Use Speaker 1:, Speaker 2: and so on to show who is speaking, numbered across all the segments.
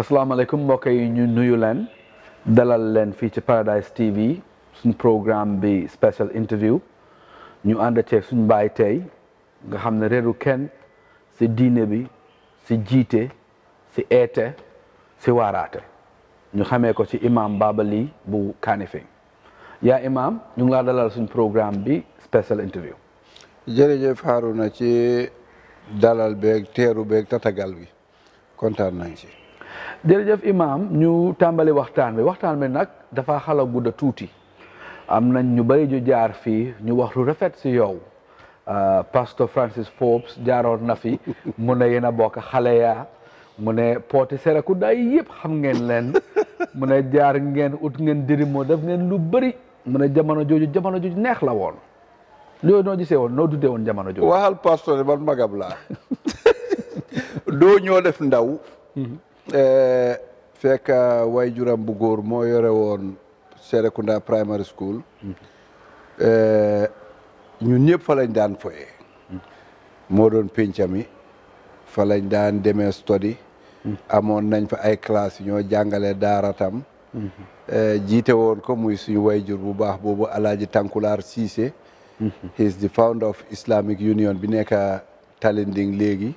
Speaker 1: asalaamaaleykum mbokk yi ñu nuyu leen dalal leen fii ci Paradise TV suñu programme bi special interview ñu ànd ceeg suñu baay tey nga xam ne réeru kenn si diine bi si jiite si eete si waaraate ñu xamee ko ci imam Baba Lee bu Kanifing Ya imam ñu ngi dalal suñu programme bi special interview jërëjëf
Speaker 2: Haruna ci dalal beek teru beek tatagal bi contane nañ ci
Speaker 1: jërëjëf imam ñu tambali waxtaan bi waxtaan bi nak dafa xala gudda tuuti am nañ ñu bari ju jaar fi ñu wax lu rafet ci yow ah, pastor Francis Forbes jaaroon na fi mu ne yena a bokk xale ya mu ne ku day yeb xam ngeen len mu ne jaar ngeen ut ngeen dirimo def ngeen lu bari mu ne jamono jooju jamono jooju neex la woon loolu noo gisee woon noo dundee woon jamono jooju.
Speaker 2: waxal pasteur man magam laa doo ñoo def ndaw. Mhm. Eh, fekk way juram bu góor moo yore woon Serekunda primary school. Mhm. Eh, ñu ñëpp falañ daan foyee. moo doon pencami fa lañ daan mhm. deme study amoon nañ fa ay classes ñoo jàngale daaratam Euh, jiite woon ko muy suñu wayjur bu baax boobu alaaji Tankulaar Cissé mhm. he is the founder of Islamic Union bi nekk Talinding léegi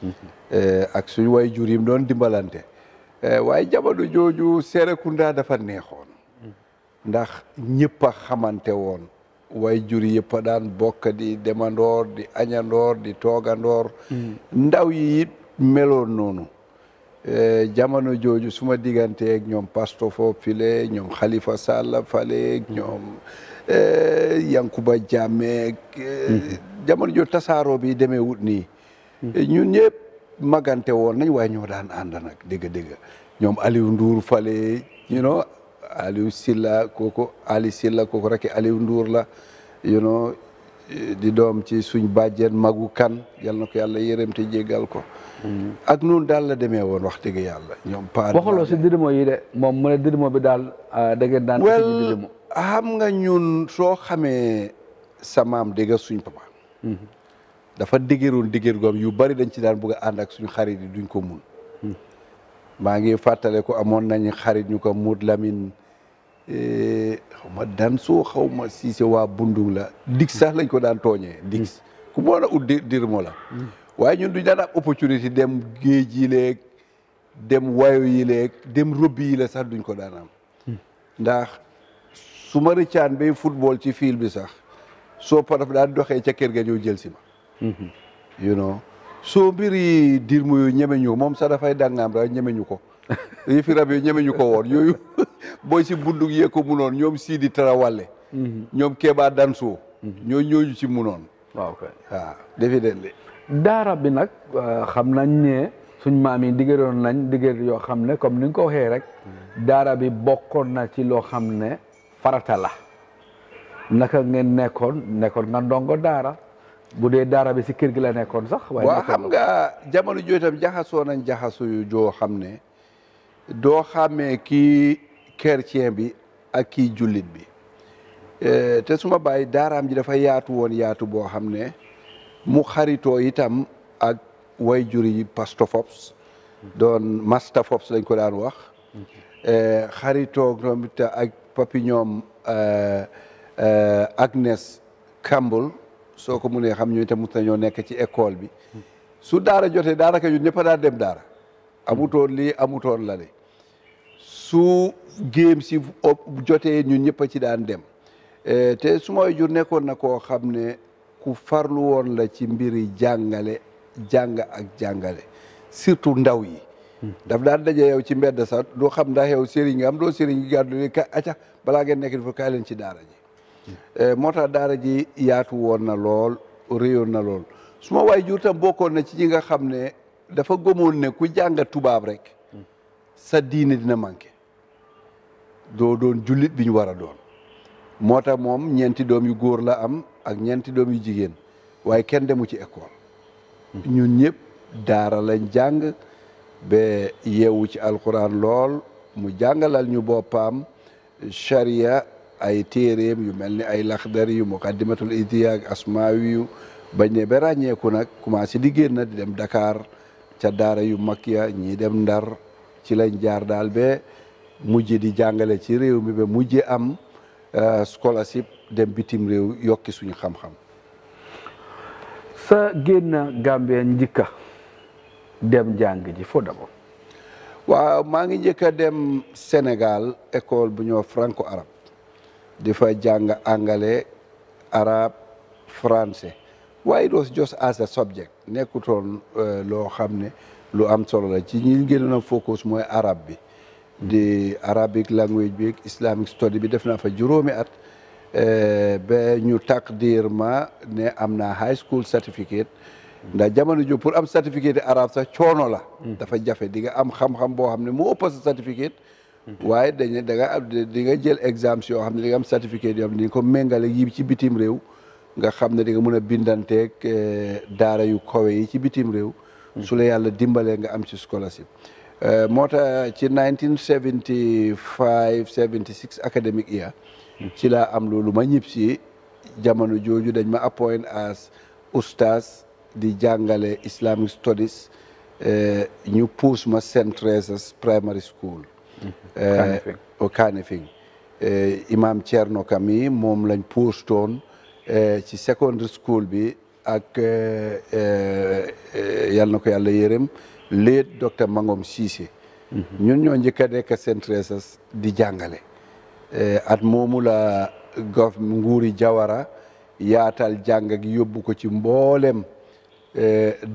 Speaker 2: mhm. euh, ak suñu wayjur yim doon dimbalante euh, waaye jamono jooju Serekunda dafa neexoon mhm. ndax ñëpp a xamante woon wayjur yëpp a daan bokk di demandoor di añandoor di toogandoor ndaw yi it meloon noonu Eh, jamono jooju suma digganteeg ñoom Pastofo file ñoom Khalifa Sall fale ñoom eh, Yankuba Jammeh eh, mm-hmm. jamono jooju tasaaroo bi demee wut nii. Mm-hmm. ñëpp magante woon nañ waaye ñoo daan ànd nag dégg ñoom Aliou Ndour fale you know Aliou Silla kooku nduur la you di doom ci suñ bàjjeen magu kan yal ko yàlla yërëm te jéggal ko ak noonu daal la demee woon wax dëgg yàlla ñoom paar waxaloo
Speaker 1: si didimo yi de moom mu ne didimo bi daal ah, da ngeen daan didimo
Speaker 2: xam nga ñun soo xamee sa maam dégg suñ papa mhm. dafa dëgëroon dëgër goom yu bari dañ ci daan bëgg a ànd ak suñu xarit yi duñ ko mun mhm. maa ngi fàttale ko amoon nañ xarit ñu ko Mood Lamine Eh, xaw ma danso xawma ma siise waa bundung la dig sax lañ ko daan tooñee dig mm. ku moon a ut dir la mm. waaye ñun duñ daan am opportunité dem géej yi leeg dem wayo yi leeg dem robbi yi la sax duñ ko daan am mm. ndax su ma rëccaan bay football ci fiil bi sax soo paraf daan doxee ca kër ga ñëw jël si ma mm-hmm. you know soo mbiri dirmu yu ñemeñu moom sax dafay dàngaam rek ñemeñu ko yëfi rab yi ñeme ñu ko woon yooyu booy si bundug yee ko munoon ñoom Sidi Tarawale.
Speaker 1: ñoom
Speaker 2: Kéba Danso. ñoo ñooñu ci munoon. waaw kay waaw
Speaker 1: daara bi nag euh, xam nañ ne suñ maam yi digéroon nañ digér yoo xam ne comme ni nga ko waxee rek. daara bi bokkoon na ci loo xam ne farata la. naka ngeen nekkoon nekkoon nga ndongo daara bu dee daara bi si kër gi la nekkoon sax. waaye
Speaker 2: xam nga jamono jooju tam jaxasoo nañ jaxasoo yu joo xam ne. doo xamee kii chrétien bi ak kii jullit bi eh, te suma baay daaraam ji dafa yaatu woon yaatu boo xam ne mu xaritoo itam ak way juri pastofops doon mastafops lañ ko daan wax eh, xaritoo ñoom it ak papi ñoom eh, Agnes Campbell soo ko nee xam ñooy itam mos nañoo nekk ci école bi hmm. su daara jotee daara ka ñun ñëpp a daan dem daara amutoon lii amutoon la de su géem si jotee ñun ñëpp a ci daan dem eh, te su may jur nekkoon na koo xam ne ku farlu woon la ci mbiri jàngale jàng ak jàngale surtout ndaw yi daf daan daje yow ci mbedd sax doo xam ndax yow sëriñ nga am doo sëriñ gi gàddu ka aca balaa ngeen nekk dafa kaay ci daara ji eh, moo tax daara ji yaatu woon na lool réyoon na lool su ma waay jur tam bokkoon na ci ñi nga xam ne dafa gëmoon ne ku jàng tubaab rek sa diine dina manqué doo doon jullit bi ñu war a doon moo tax moom ñeenti doom yu góor la am ak ñeenti doom yu jigéen waaye kenn demu ci école hmm. ñu ñëpp daara lañ jàng ba yeewu ci alquran lool mu jàngalal ñu boppam charia ay téeréem yu mel ni ay laxdari yu muqaddimatul idiya ak asmaawi yu bañ ne ba ràññeeku nag commencé di génn di dem Dakar ca daara yu mag ya ñii dem Ndar ci lañ jaar daal ba mujj di jàngale ci réew mi ba mujj am euh, scholarship dem bitim réew yokki suñu xam-xam.
Speaker 1: sa génn Gambia njëkka dem jàng ji fo d'abord.
Speaker 2: waaw maa ngi njëkk a dem Sénégal école bu ñoo franco arab di fa jàng anglais arab français waaye it was just as a subject nekkutoon euh, loo xam ne lu am solo la ci ñi gënoon a focus mooy arab bi. di Arabic language bi Islamic study bi def naa fa juróomi at eh, ba ñu takdir ma ne am naa high school certificate ndax jamono ju pour am certificate arab sax coono la dafa jafe di nga am xam-xam boo xam ne moo ëpp sa certificate waaye dañ da nga di nga jël exams yoo xam ne di nga am certificate yoo xam ne di nga ko méngale yi ci bitim réew nga xam ne di mën a bindanteeg eh, daara yu kawe yi ci bitim réew su la yàlla dimbalee nga am ci scholarship Euh, moo tax ci 1975 76 academic year ci laa am loolu ma ñib si jamono jooju dañ ma appoint as oustaz di jàngale Islamic studies euh, ñu puus ma Saint Teresa's primary school. Mm-hmm. Euh, Imam Thierno Kami moom lañ puus toon ci secondary school bi. ak euh, euh, yal na ko yàlla yërëm léet docteur Mangom Cissé mhm. ñun ñoo njëkk a nekk seen tresses di jàngale euh, at moomu la gof nguuri jawara yaatal jàng yóbbu ko ci mboolem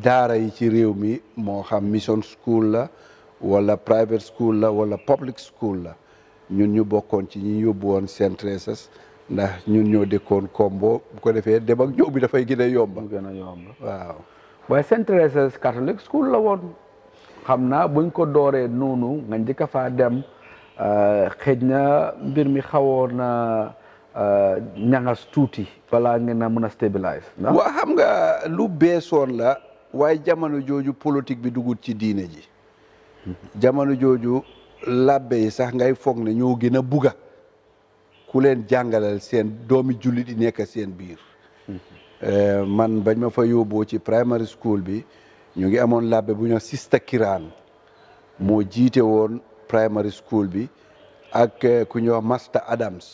Speaker 2: daara yi ci réew mi moo xam mission school la wala private school la wala public school la ñun ñu bokkoon ci ñu yóbbu woon seen ndax ñun ñoo dëkkoon kombo bu ko defee dem ak ñëw bi dafay gën a yomba gën a yomba
Speaker 1: waaw waaye Saint Catholic School la woon xam naa buñ ko dooree noonu nga njëkk a faa dem euh, xëj na mbir mi xawoon na euh, ñangas tuuti balaa ngeen a mën a stabilise waa
Speaker 2: xam nga lu beesoon la waaye jamono jooju politique bi dugut ci diine ji hmm. jamono jooju labbe yi sax ngay foog ne ñu gën a buga ku leen jàngalal seen doomi jullit yi nekk seen biir euh, man bañ ma fa yóbboo ci primary school bi ñu gi amoon labbe bu ñu sista kiraan moo jiite woon primary school bi ak euh, ku ñuy wax Master Adams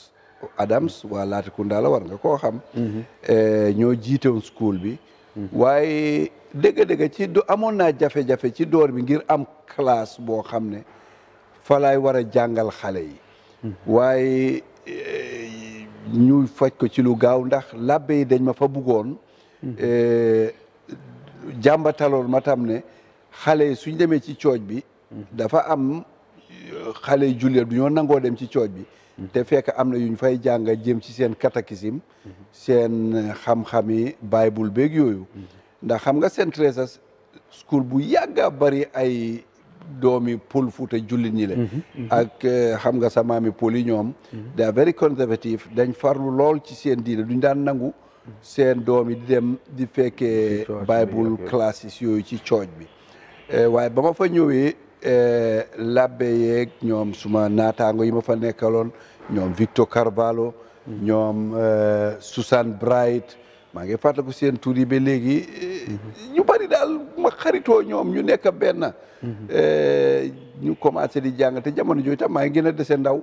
Speaker 2: Adams waa Latrikunda la war nga koo xam mhm. euh, ñoo jiite woon school bi mhm. waaye dëgg-dëgg ci do amoon naa jafe-jafe ci door bi ngir am classe boo xam ne fa laay war a jàngal xale yi mhm. waaye ñu faj ko ci lu gaaw ndax labbe yi dañ ma fa buggoon mhm. eh, jàmbataloon ma tam ne xale suñ demee ci cooj bi mhm. dafa am eh, xale yu jullit du ñoo nangoo dem ci cooj bi mhm. te fekk am na yuñ fay jàng jëm ci seen catéchisme seen eh, xam-xami bible beeg yooyu ndax xam nga seen trésor school bu yàgga bari ay doomi Pël Fuuta jullit ñi le mhm. Mhm. ak eh, xam nga sa maami Pël yi ñoom mhm. they are very conservative dañ farlu lool ci seen du ñu daan nangu seen doom yi di dem di fekkee bible classes yooyu ci church bi eh, waaye ba ma fa ñëwee eh, labbe yeeg ñoom suma naataango yi ma fa nekkaloon ñoom Victor Carvalho ñoom Susan Bright maa ngi fàttaliku seen tur yi ba léegi ñu bari daal ma xaritoo ñoom ñu nekk benn eh, ñu commencé di jàng te jamono jooju tam maa ngi gën a dese ndaw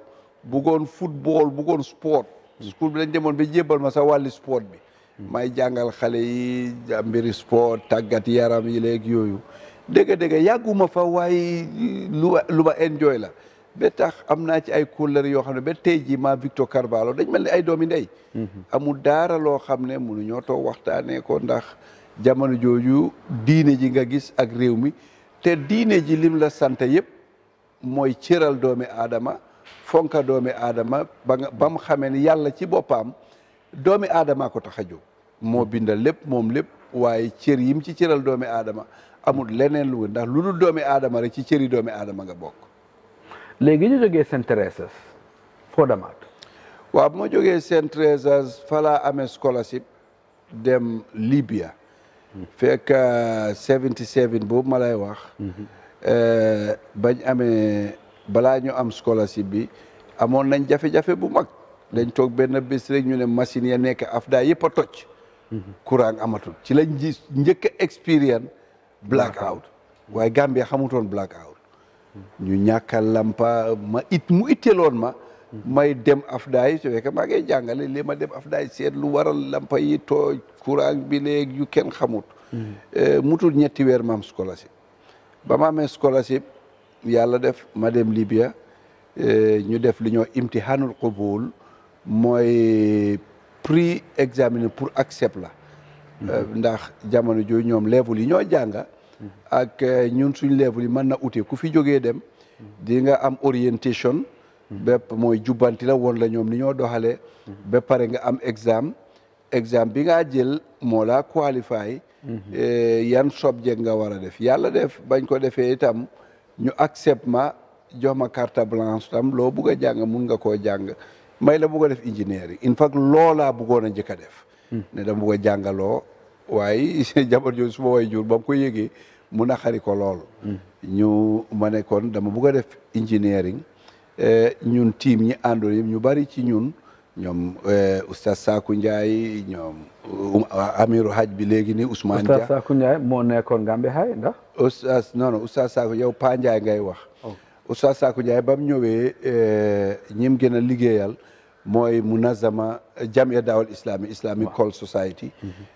Speaker 2: buggoon football buggoon sport school bi dañ demoon ba jébbal ma sa wàlli sport bi may jàngal xale yi mbiri sport tàggat yaram yi léegi yooyu dëgg dëgg yàgguma fa waaye lu ma lu la ba tax am naa ci ay couleur yoo xam ne ba tey jii ma Victor Carvalho dañ mel ni ay doomi ndey mhm. amul daara loo xam ne mënuñoo toog waxtaanee ko ndax jamono jooju diine ji nga gis ak réew mi te diine ji lim la sant yëpp mooy cëral doomi aadama fonka doomi aadama ba ba mu xamee ni yàlla ci boppam doomi aadamaa ko tax a jóg moo bindal lépp moom lépp waaye cër yim ci cëral doomi aadama amul leneen lu ndax lu dul doomi aadama rek ci cëri doomi aadama nga
Speaker 1: bokk léegi ñu jógee Saint Thérèse foo demaat waaw bu ma jógee Saint
Speaker 2: Thérèse falaa amee scholarship dem Libya fekk 77 euh, boobu ma lay wax mhm. euh, bañ amee balaa ñu am scholarship bi amoon nañ jafe-jafe bu mag dañ toog benn bés rek ñu ne machine ya nekk afda yëpp a toj mhm. courant amatul ci la ji njëkk a expérience blackout waaye Gambia xamutoon blackout ñu ñàkka lampa ma it mu itteeloon ma may dem afdaay su fekkee maa ma dem afdaay seet lu waral lampa yi tooj courant bi yu kenn xamut hmm. eh, mutul ñetti weer ma am scholarship ba ma amee scholarship yàlla def ma dem Libya eh, ñu def li ñoo imtihanul qubul mooy prix examiné pour accept la hmm. eh, ndax jamono jooju ñoom level yi ñoo jànga ak eh, ñun suñ level yi mën na ute ku fi jógee dem di nga am orientation bépp mooy jubbanti la woon la ñoom ni ñoo doxalee ba nga am exam exam bi ngaa jël moo laa qualify eh, yan subject nga war a def yàlla def bañ ko defee itam ñu accept ma jox ma carte blanche tam loo bugg a jàng mun nga koo jàng may la bugg def ingénieur yi in fact loolaa buggoon a njëkk a def hmm. ne dama bugg a jàngaloo waaye jabar jooju su ma way jur ba ko yëgee mu naqari ko lool. ñu ma ne dama bëgg a def engineering eh, ñun team ñi àndoon yëpp ñu bari ci ñun ñoom eh, oustaz Sakku Ndiaye ñoom um, ah, Amirou Hadj bi léegi nii Ousmane Dia. oustaz Ndiaye moo nekkoon Gambie Hay ndax. oustaz non non oustaz Sakku yow Pa Ndiaye ngay wax. Oh. oustaz Sakku Ndiaye ba mu ñëwee eh, ñi mu gën a liggéeyal. mooy munazama eh, jamia daawal islami islamic call society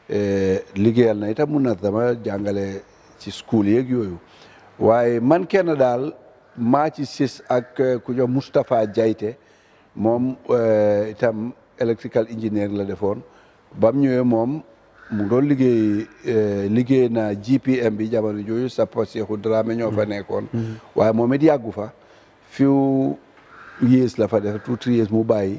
Speaker 2: eh, liggéeyal na itam munazama jàngale ci school yek yooyu waaye man kenn daal maa ci sis ak eh, ku ñoom Moustapha Jayte moom itam electrical engineer la defoon bam ñëwee moom mu doon liggéey liggéey na GPM bi jamono sa Sapa Seexu drame ñoo fa mm-hmm. nekkoon mm-hmm. waaye moom it yàggu fa fiw years la fa def tout three mu bàyyi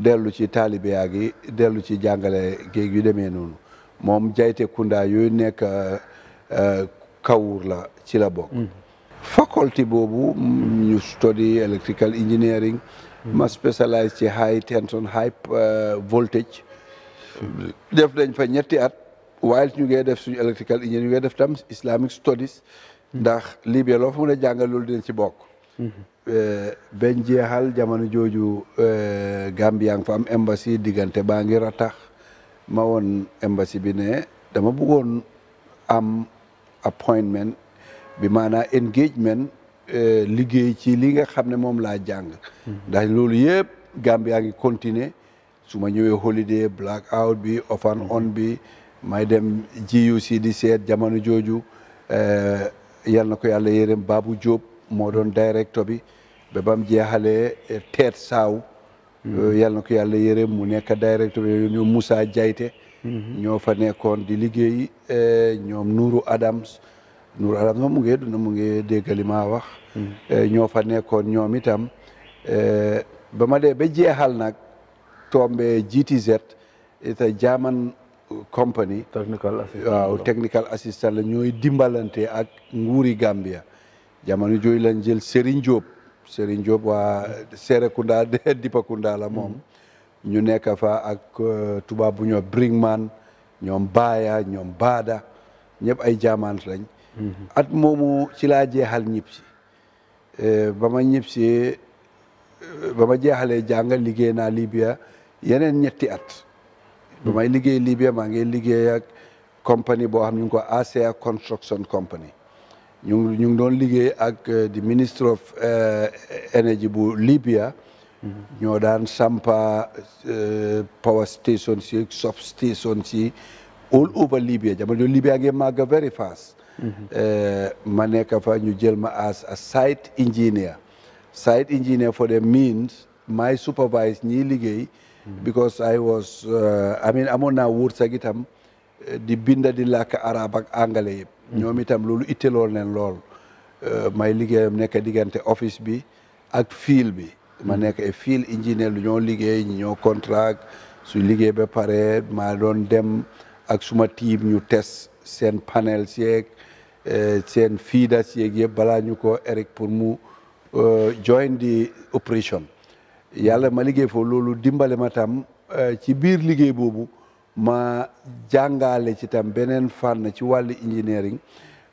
Speaker 2: dellu ci taalibiyaa gi dellu ci jàngale géeg yu demee noonu moom jayte kunda yooyu nekk euh, kawur la ci la bokk mm. faculty boobu ñu study electrical engineering mm. ma specialize ci high tension high euh, voltage def dañ fa ñetti at waaye ñu ngee def suñu electrical engineering ñu ngee def tam islamic studies mm. ndax Libya loo fa mën a jàngal loolu dina ci bokk mm-hmm. Eh, bañ jeexal jamono jooju eh, Gambie yaa ngi fa am embassy diggante baa ngi ratax ma woon embassy bi ne dama bëggoon am appointment bi maanaa engagement eh, liggéey ci li nga xam ne moom laa jàng hmm. ndax loolu yëpp Gambie yaa ngi continuer su ma ñëwee holiday black out bi off and on bi may dem GUC di seet jamono jooju yal na ko yàlla yërëm Babou Diop moo doon directeur bi ba ba mu jeexalee teet saaw yal na ko yàlla yërëm mu nekk directeur bi ñoom Moussa Diayte hmm. ñoo fa nekkoon di liggéey eh, ñoom Nouru Adams Nouru Adams moom mu ngi dund mu ngi déggali maa wax hmm. eh, ñoo fa nekkoon ñoom itam eh, ba ma dee ba jeexal nag tombé GTZ te German uh, company technical assistant waaw technical assistant la ñooy dimbalante ak nguuri Gambia jamono jooju lañ jël Serigne Diop Serigne wa waa Serekunda de Dipakunda la moom ñu nekk fa ak euh, tubaab bu ñoo Brinkman ñoom Baaya ñoom Baada ñëpp ay jaamaan lañ mhm. at moomu ci laa jeexal ñib si euh, bama ma ñib si euh, ba ma jeexalee jàng liggéey naa Libya yeneen ñetti at ba may liggéey Libya maa ngi liggéey ak compagnie boo xam ñu ngi ko ACA Construction Company ñu ngi ñu ngi doon liggéey ak eh, di ministre of eh, energy bu Libya. ñoo daan sampa eh, power station si sub station si all over Libya jamono jooju Libya ngeen màgg very fast. ma nekk fa ñu jël ma as a site engineer. site engineer for the means my supervise ñiy liggéey. because I was I mean amoon naa wóor sa itam di binda di làkk arab ak angale yëpp. ñoom itam loolu itteeloo leen lool euh, may liggéeyam nekk diggante office bi ak fiil bi ma nekk ay fiil ingénieur lu ñoo liggéey ñi ñoo contrat su liggéey ba pare ma doon dem ak suma tiim ñu test seen panel yeeg euh, seen fiida yeeg yëpp balaa ñu ko eric pour mu euh, join di operation yàlla ma liggéey foofu loolu dimbali ma tam ci biir liggéey boobu ma jangale ci tam beneen fan ci walu engineering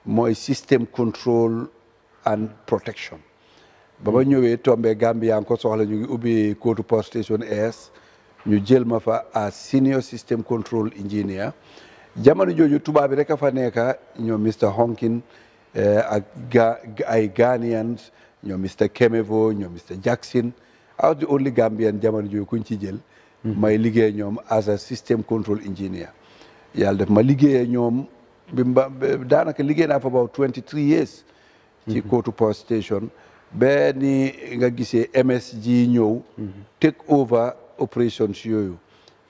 Speaker 2: mooy system control and protection ba ma hmm. ñëwee tombé Gambia ko soxla ñu ngi ubbi Kotu post Station s ñu jël ma fa à senior system control engineer jamono jooju tuba bi rek fa nekka ñoom Mr Honkin eh, ak ay Ghanaians ñoom Mr Kemevo ñoom Mr Jackson aw di only Gambian jamono joju kuñ ci jël Mhm. may liggéey ñoom as a system control engineer yàlla def ma liggéeyee ñoom bi ma daanaka liggéey naa fa about twenty three years ci mhm. Kotu Power Station ba ni nga gisee MSG ñëw mhm. take over operations yooyu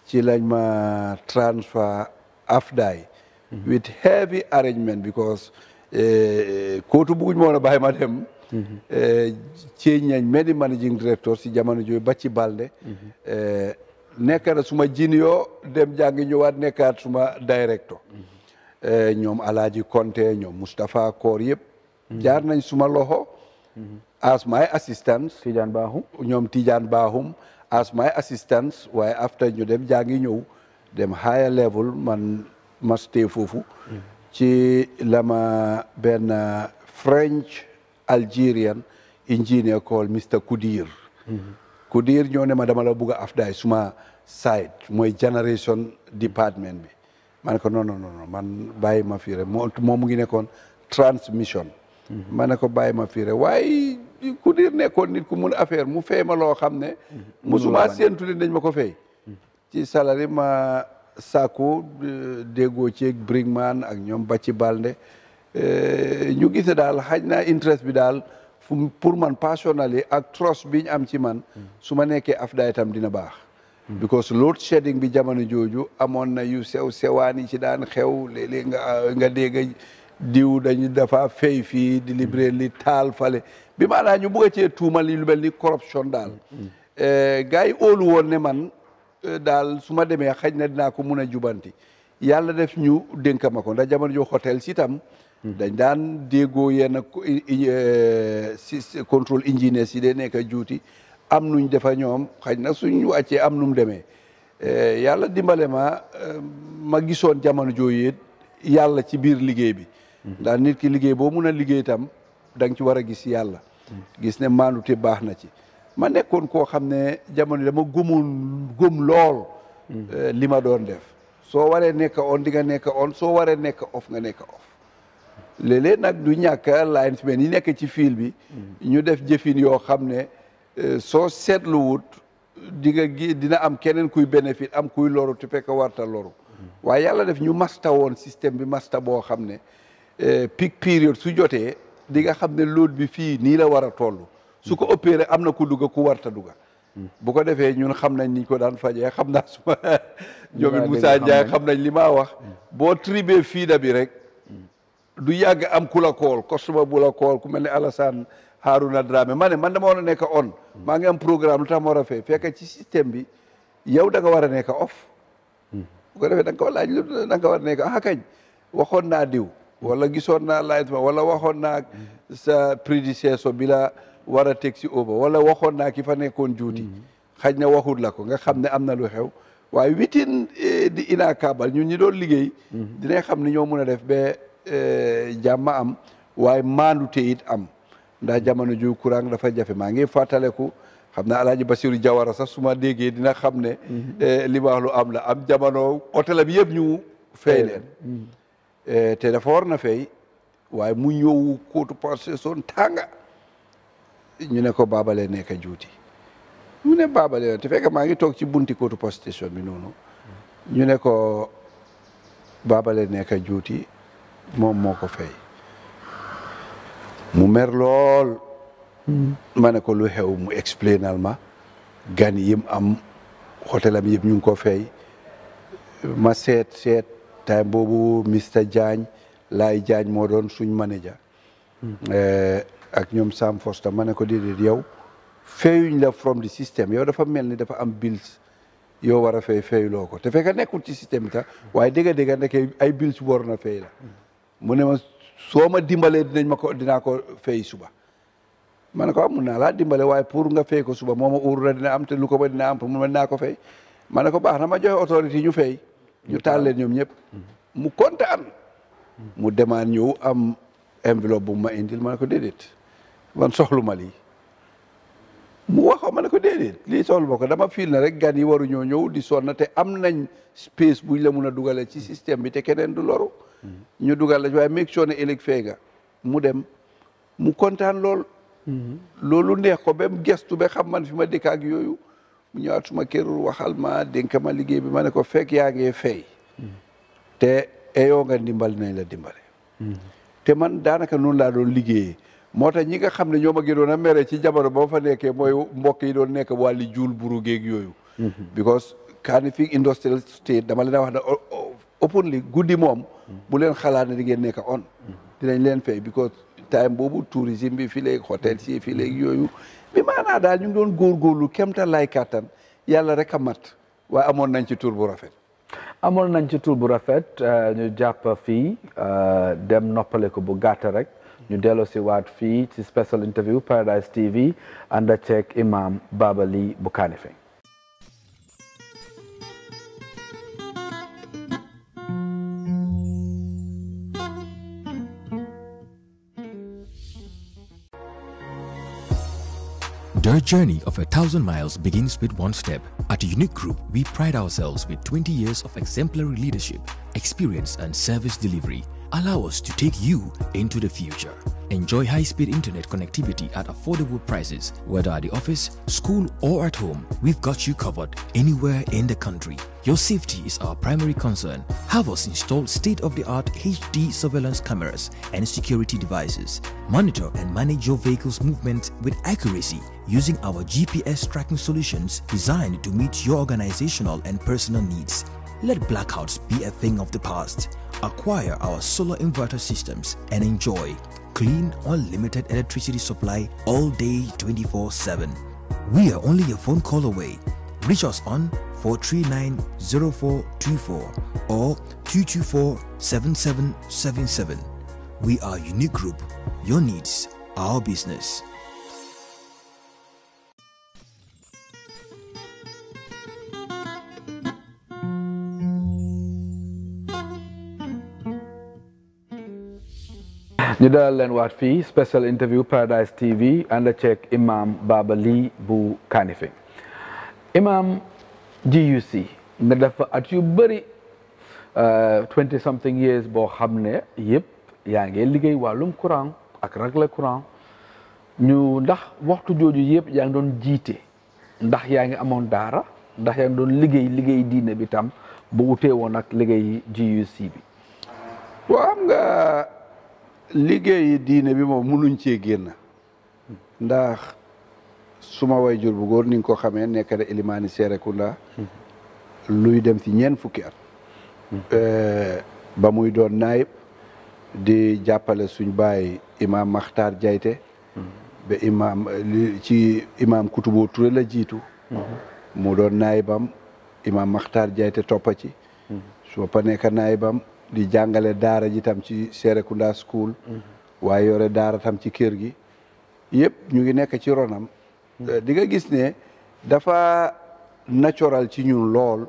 Speaker 2: ci lañ ma transfer AFDAI with heavy arrangement because eh, kootu bugguñ moo a bàyyi ma dem eh, ci ñañ many managing director si jamono jooyu ba ci Balde eh, nekkata suma jiniyoo dem jàngi ñëwaat nekkaat suma directeur eh, ñoom Alaaji Konte ñoom Moustapha Koor yëpp jaar nañ suma loxo as my assistance Tidiane Bahum ñoom Tidiane baaxum as my assistance waaye after ñu dem jàngi ñëw dem higher level man ma foofu ci lama benn French Algerian engineer called Mr Kudir mm-hmm. Kudir ñoo ne ma dama la bugg a afdaay suma side mooy generation department bi ma ne ko non non man bàyyi ma fii rek moom mu ngi nekkoon transmission. Mhm. ma ne ko bàyyi ma fii rek waaye ku dir nekkoon nit ku mun affaire mu fay ma loo xam ne. Mhm. musuma séentu ne dañ ma ko fay. Mhm. ci salari ma sàkku euh, déggoo ceeg Brigman ak ñoom Bacci Balde euh, ñu gise daal xaj na interest bi daal pour man personnally ak trust biñ am ci man. su ma nekkee afda itam dina baax. because load shedding bi jamono jooju amoon na yu sew sewaan yi ci daan xew nga nga dégg diw dañu dafa fay fii délibéré li taal fale bi maanaam ñu bëgg a cee tuumal lu mel ni corruption daal eh, gars yi óolu woon ne man eh, daal su ma demee xaj na dinaa ko mun a jubanti yàlla def ñu dénka ma ko ndax jamono joo hôtel si tam dañ daan déggoo yenn eh, contrôle engineer si day nekk juuti am nuñ defa ñoom xaj na suñu wàccee am nu mu demee eh, yàlla dimbale ma eh, ma gisoon jamono jooju it yàlla ci biir liggéey bi mm-hmm. ndax nit ki liggéey boo mun a liggéey itam da ci war a gis yàlla mm-hmm. gis ne maandu baax na ci ma nekkoon koo xam ne jamono dama gëmoon gëm lool mm-hmm. eh, li ma doon def soo waree nekk on di nga nekk on soo waree nekk off nga nekk off léeg nag du ñàkk linesmen yi nekk ci fiil bi ñu def jëfin yoo xam ne Eh, soo seetluwut di gi dina am keneen kuy bénéfice am kuy loru te fekk warta loru waaye yàlla def ñu masta woon système bi masta boo xam ne pic eh, période su jotee di nga xam ne load bi fii nii la war a toll su ko opéré am na ku dugga ku warta dugga bu ko defee ñun xam nañ niñ ko daan fajee xam naa suma ñoom Moussa Ndiaye xam nañ li maa wax boo tribee fiida bi rek du yàgg am ku la kool customer bu ku mel ni Alassane Harouna Dramé ma ne man dama war a nekk on maa ngi am programme lu tax ma war a fay fekk ci bi yow da nga war a nekk off bu ko defee da a ah kañ waxoon naa diw wala gisoon naa laaj ma wala waxoon naa sa prédécesseur bi la war a teg si over wala waxoon naa ki fa nekkoon juuti xaj na waxut la ko nga xam ne am na lu xew waaye witin eh, di ina kaabal ñun ñi doon liggéey mhm. dinañ xam ni ñoo mun a def ba eh, jàmm am waaye maandu te it am ndax jamono ju courant dafa jafe maa ngi fàttaleku xam naa alaaji Basiru Jawara sax suma ma déggee dina xam ne mhm. eh, li ma wax am la am jamono hôtel bi yëpp ñu fay leen mhm. eh, te dafa war na fay waaye mu ñëw kootu parce son tànga ñu ne ko baabale nekk juuti mu ne baabale te fekk maa ngi toog ci bunti kootu post station bi noonu ñu ne ko baabale nekk juuti moom moo ko fay mu mer lool ma ne ko lu xew mu explainal ma gan yim am hôtel am yëpp ñu ngi ko fay ma seet seet time boobu Mr Diagne lay jaañ moo doon suñ manager eh, ak ñoom Sam Foster ma ne ko déedéet yow feyuñ la from the system yow dafa mel ni dafa am bills yow war a fay fayuloo ko te fekk nekkul ci système bi tax waaye dégg-dégg ndeke ay bills war na fay la mu ne ma soo ma dimbalee dinañ ma ko dinaa ko fay suba ma ne ko ah mun naa laa dimbale waaye pour nga fay ko suba moo ma uur dina am te lu ko ba dina am pour mu dinaa ko fay ma ne ko baax na ma joxe autorité ñu fay. ñu taal leen ñoom ñëpp. Mm-hmm. mu kontaan. mu demaat ñëw am enveloppe bu ma indil ma ne ko déedéet man soxlu ma lii mu wax ma ne ko déedéet lii soxlu ma ko dama fiil na rek gan yi waru ñoo ñëw di sonn te am nañ space buñ la mun a dugalee ci système bi te keneen du loru. ñu dugal la ci waaye make sure ne ëllëg fee nga mu dem mu kontaan lool. loolu neex ko ba gestu ba xam man fi ma dëkk ak yooyu mu ñëwaat suma kër waxal ma dénk ma liggéey bi ma ne ko fekk yaa ngi fay. te eyoo nga ndimbal nañ la dimbale. te man daanaka noonu laa doon liggéeyee moo tax ñi nga xam ne ñoo ma gënoon a mere ci jamono ba fa nekkee mooy mbokk yi doon nekk wàlli juul buru géeg yooyu. Mm-hmm. because kaani fii industrial state dama leen a wax ne openly guddi moom. bu leen xalaat ne di ngeen nekk on dinañ leen fay because time boobu tourisme bi fii léegi hôtel si fii léegi yooyu bi maanaa daal ñu doon góorgóorlu kemta lay kàttan yàlla rek a mat waaye amoon nañ ci tur bu rafet
Speaker 1: amoon nañ ci tur bu rafet euh, ñu jàpp fii euh, dem noppale ko bu gàtta rek ñu delloo si waat fii ci special interview Paradise TV ànd ak baba li bu Kanifing
Speaker 3: Their journey of a thousand miles begins with one step. At Unique Group, we pride ourselves with 20 years of exemplary leadership, experience and service delivery allow us to take you into the future. Enjoy high speed internet connectivity at affordable prices, whether at the office, school, or at home. We've got you covered anywhere in the country. Your safety is our primary concern. Have us install state of the art HD surveillance cameras and security devices. Monitor and manage your vehicle's movement with accuracy using our GPS tracking solutions designed to meet your organizational and personal needs. Let blackouts be a thing of the past. Acquire our solar inverter systems and enjoy clean, unlimited electricity supply all day 24 7. We are only a phone call away. Reach us on 439 0424 or 224 7777. We are Unique Group. Your needs, our business.
Speaker 1: ñu dalal leen waat fii special interview Paradise TV ànd ceeg imam Baba Lee bu Kanifing imam GUC nga dafa at bari bëri euh, twenty something years boo xam ne yëpp yaa ngi liggéey wàllum courant ak ragle courant ñu ndax waxtu jooju yëpp yaa ngi doon jiite ndax yaa ngi amoon daara ndax yaa ngi doon liggéey liggéey diine bi bu utee woon ak liggéey GUC bi.
Speaker 2: waaw xam nga. liggéey diine bi moom munuñ ci génn ndax suma wayjur bu góor ni nga ko xamee nekk na Elimani luy dem ci ñeent fukki at eh, ba muy doon naayib di jàppale suñ baay imaam Makhtar Jayte ba imaam ci Ture la jiitu mu doon naayibam imaam Makhtar Jayte toppa ci soo pa nekk naayibam ɗi jangale daara ji tam ci sérekunda school mhm. wayore daara tam ci kër gi yëpp ñu ngi nekk ci ronam mhm. euh, di nga gis ne dafa natural ci ñun lool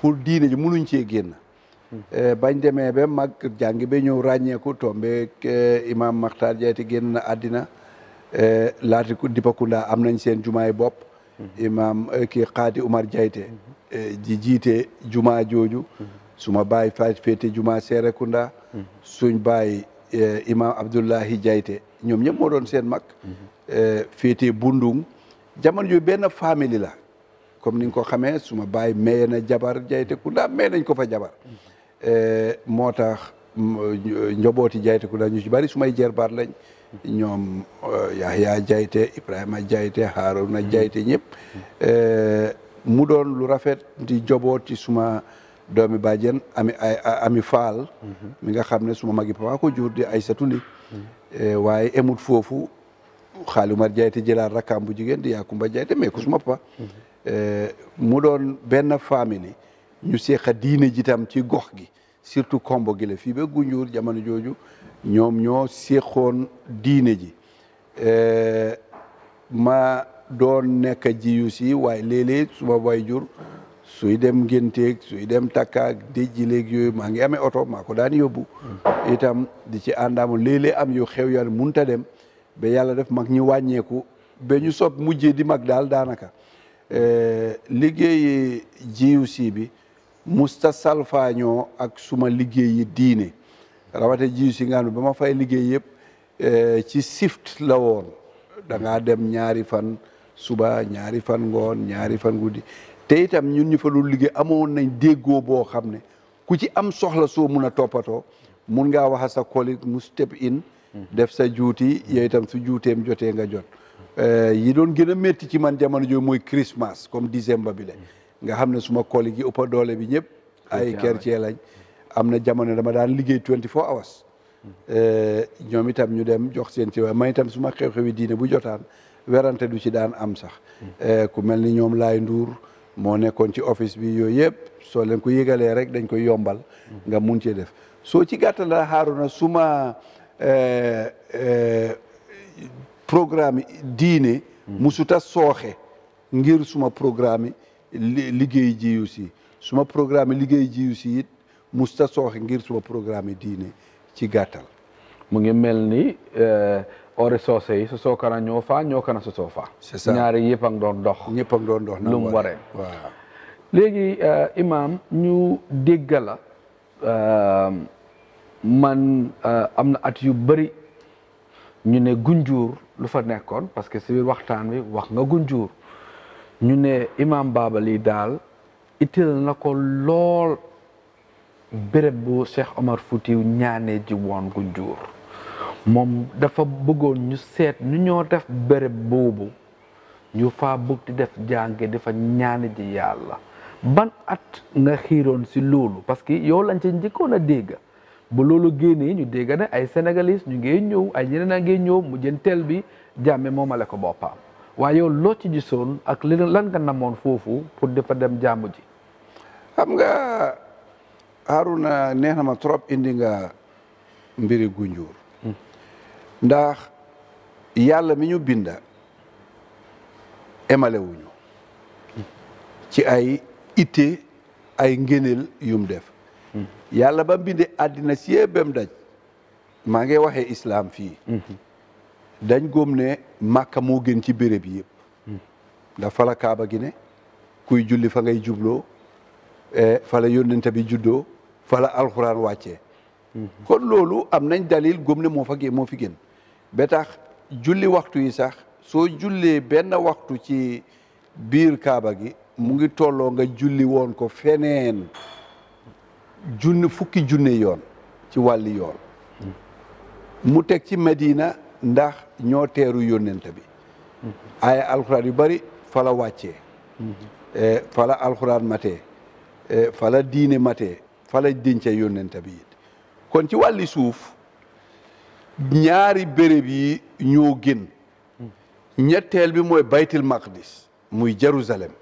Speaker 2: pour diine ji munuñ cee génn mhm. euh, bañ demee ba mag jàngi ba ñëw ràññeeku tombe euh, imam maxtaar jayti génn na addina laati dipakunda am nañ seen jumaay bopp imam ki xaati umar jayte ji jiite jumaa jooju suma baay faj féete juma Serekunda suñ baay eh, imam Abdullahi Jayte ñoom ñëpp moo doon seen mag eh, féete Bundung jamono ju benn famille la comme ni nga ko xamee suma baay maye na jabar Jayte Kunda may nañ ko fa jabar eh, moo tax njobooti Jayte Kunda ñu ci bari sumay jerbaat lañ ñoom Yahya Jayte Ibrahima Jayte Haruna Jayte ñëpp mu doon lu rafet di jobooti suma doomi bàjjen ami ami faal mi nga xam ne suma magi papa ko jur di Aysatu Li eh, waaye emut foofu xaali Umar Jayte jëlaat rakkaam bu jigéen di Yakumba Jayte mais ku suma papa eh, mu doon benn famille ñu seeqa diine jitam ci gox gi surtout kombo gi la fii ba gunjuur jamono jooju ñoom ñoo seqoon diine ji eh, ma doon nekk ji si waaye léeg-léeg suma waay jur suy dem ngénteeg suy dem takkaak déjjileeg yooyu maa ngi amee oto maa ko daan yóbbu itam di ci àndaamoon léeg-léeg am yu xew yoon munta dem ba yàlla def mag ñi wàññeeku ba ñu sob mujjee di mag daal daanaka liggéey jiw si bi musta salfaañoo ak suma liggéey yi diine rawate jiw si nga xam ba ma fay liggéey yëpp ci shift la woon da dem ñaari fan suba ñaari fan ngoon ñaari fan guddi te itam ñun ñu fa lu liggéey amoon nañ déggoo boo xam ne ku ci am soxla soo mun a toppatoo mun ngaa wax sa collègue mu step in mhm. def sa juuti yooyu itam su juuteem jotee nga jot euh, yi doon gën a métti ci man jamono jooju mooy Christmas comme décembre bi la mhm. nga xam ne suma collègue yi ëpp doole bi ñëpp ay quartier lañ am na jamono dama daan liggéey 24 hours mhm. euh, ñoom itam ñu dem jox seen ci waaye man itam suma xew-xewi diine bu jotaan werante du ci daan am sax euh, ku mel ni ñoom laay nduur moo nekkoon ci office bi yooyu yëpp soo leen ko yëgalee rek dañ koy yombal nga mun cee def so ci gàttal la na suma eh, eh, programme diine hmm. musuta sooxe ngir suma programme liggéey jiyu si suma programme liggéey jiyu si it musuta sooxe ngir suma programme diine ci gàttal
Speaker 1: mu ngi mel ni eh, ori soose yi sosoo kana ñoo faa ñoo kana sosoo faa. ñaari yëpp a doon dox. ñëpp a ngi doon dox lu mu waree waaw. léegi euh, imaam ñu dégg euh, man euh, am na at yu bëri ñu ne gunjuur lu fa nekkoon parce que si waxtaan wi wax nga gunjuur ñu ne imaam Babali daal itteel na ko lool béréb bu Cheikh Omar Foutiou ñaane ji woon gunjuur. moom dafa bëggoon ñu seet ñu ñoo def béréb boobu ñu faa bëgg di def jànge dafa ñaani ji yàlla ban at nga xiiroon si loolu parce que yow lañ ci njëkkoon a dégg bu loolu génnee ñu dégg ne ay sénégalais ñu ngee ñëw ay ñeneen a ngee ñëw mu jënteel bi jàmme moomale ko boppam waaye yow loo ci gisoon ak li lan nga namoon foofu pour dafa dem jàmm ji
Speaker 2: xam nga
Speaker 1: Haruna neex na ma trop indi nga
Speaker 2: mbiri Gunjur ndax yàlla mi ñu binda emalewuñu ci ay itte ay ngéneel yum def yàlla ba mbinde àddina si yépp daj maa ngi waxee islaam fii dañ góom ne màkka moo gën ci béréb yëpp ndax fala kaaba gine kuy julli fa ngay jubloo eh, fala yónnente bi juddoo fala alxuraan wàcce hmm. kon loolu am nañ dalil góom ne moo fa gën moo fi gën ba tax julli waxtu yi sax soo jullee benn waxtu ci biir kaaba gi mu ngi tolloo nga julli woon ko feneen junni fukki junne yoon ci wàlli yoon mu teg ci madina ndax ñoo teeru yónnent bi ay alxuraan yu bari fala wàccee eh, fala alxuraan matee eh, fala diine matee fala denca yónnent bi it kon ci wàlli suuf ñaari béréb yi ñoo gën ñetteel bi mooy baytil maqdis muy Jérusalem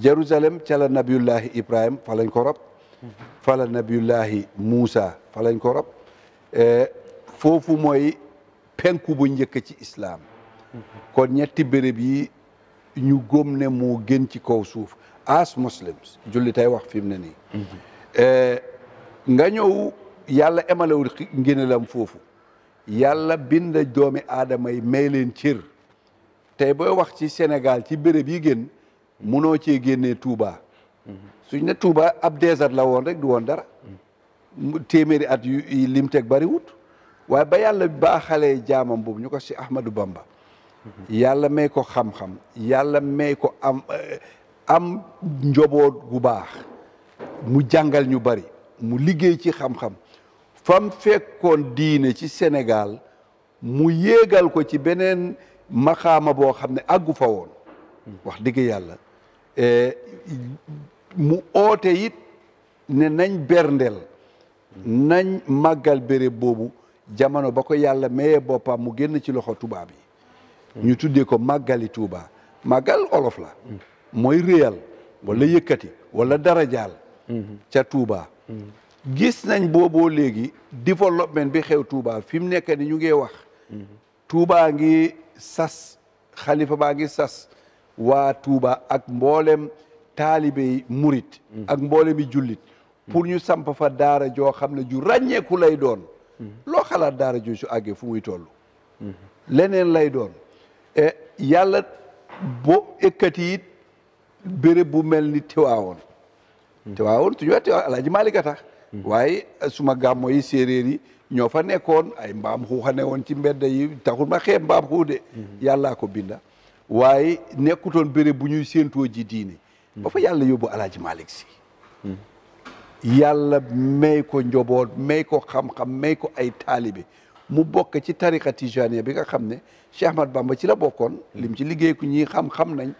Speaker 2: Jérusalem ca la Ibrahim fa ko rob fala la nabiyullahi Moussa fa lañ ko rob e, foofu mooy penku bu njëkk ci islaam kon ñetti bërëb yi ñu góom ne moo gën ci kaw suuf as muslims julli wax fi mu ne nii e, nga ñëw yàlla emalewul ngénelam foofu yàlla bind doomi aadama yi may leen cër tey booy wax ci Sénégal ci béréb yi génn munoo cee génnee tuuba suñ ne Touba ab désert la woon rek di woon dara téeméeri at yu lim bariwut waaye ba yàlla baaxalee jaamam boobu ñu ko si Ahmadou Bamba yàlla may ko xam-xam yàlla may ko am eh, am njoboot gu baax mu jàngal ñu bari mu liggéey ci xam-xam fam fekkoon diine ci senegaal mu yéegal ko ci beneen maxaama boo xam ne àggu fa woon wax digg yàlla eh, mu oote it ne nañ berndel nañ màggal béréb boobu jamono ba ko yàlla mayee boppam mu génn ci loxo tubaab yi ñu tuddee ko màggali Tuuba màggal olof la mooy réyal wala yëkkati walla darajaal mm-hmm. ca Tuuba mm-hmm. gis nañ booboo léegi développement bi xew tuuba fi mu nekk ni ñu ngi wax Touba ngi sas xalifa baa ngi sas waa tuuba ak mboolem taalibey murit ak mboolemi jullit pour ñu samp fa daara joo xam ne ju ràññeeku lay doon loo xalaat daara joo su àggee fu muy toll leneen lay doon e, yàlla boo ekkati it béréb bu mel ni Tiwaawoon Tiwaawoon su ñu wax Tiwaawoon Alaaji tax Mm-hmm. waaye eh, suma gàmmo yi séeréer yi ñoo fa nekkoon ay mbaam xuuxa ne woon ci mbedd yi taxul ma xeeb mbaam xuux de mm-hmm. yàllaa ko binda waaye nekkutoon béréb bu ñuy séentoo ji diine mm-hmm. ba fa yàlla yóbbu alaaji Malick si yàlla may ko njoboot may ko xam-xam may ko ay taalibe mu bokk ci tariqa tijaniya bi nga xam ne Cheikh Ahmad Bamba ci la bokkoon lim ci liggéey ku ñi xam-xam nañ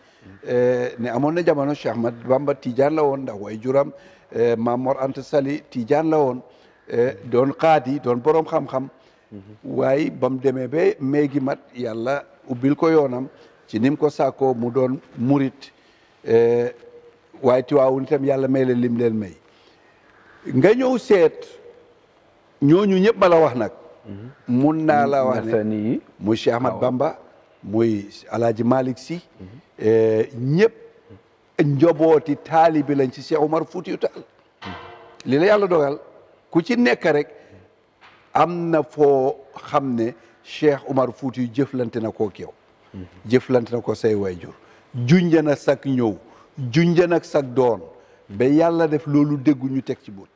Speaker 2: eh, ne amoon na jamono Cheikh Ahmad Bamba tijaan la nda way juram Eh, maam Mor Anta Sali Tijaan la woon eh, doon xaadi doon boroom xam-xam waaye ba mu demee ba mee gi mat yàlla ubbil ko yoonam ci nim ko sàkkoo mu doon murit eh, waaye Tiwaawon itam yàlla may leen lim leen may nga ñëw seet ñooñu ñëpp ma la wax nag mm-hmm. mun na la wax ne si Cheikh Bamba muy Alaaji Malick Sy mm-hmm. ñëpp njobooti taalibi lañ ci Cheikh Omar Foutiou Tall hmm. li la yàlla dogal ku ci nekk rek am na foo xam ne Cheikh Omar Foutiou jëflante na kook yow hmm. jëflante na ko say waajur junja na sak ñëw junja nag sak doon ba yàlla def loolu déggu teg ci bët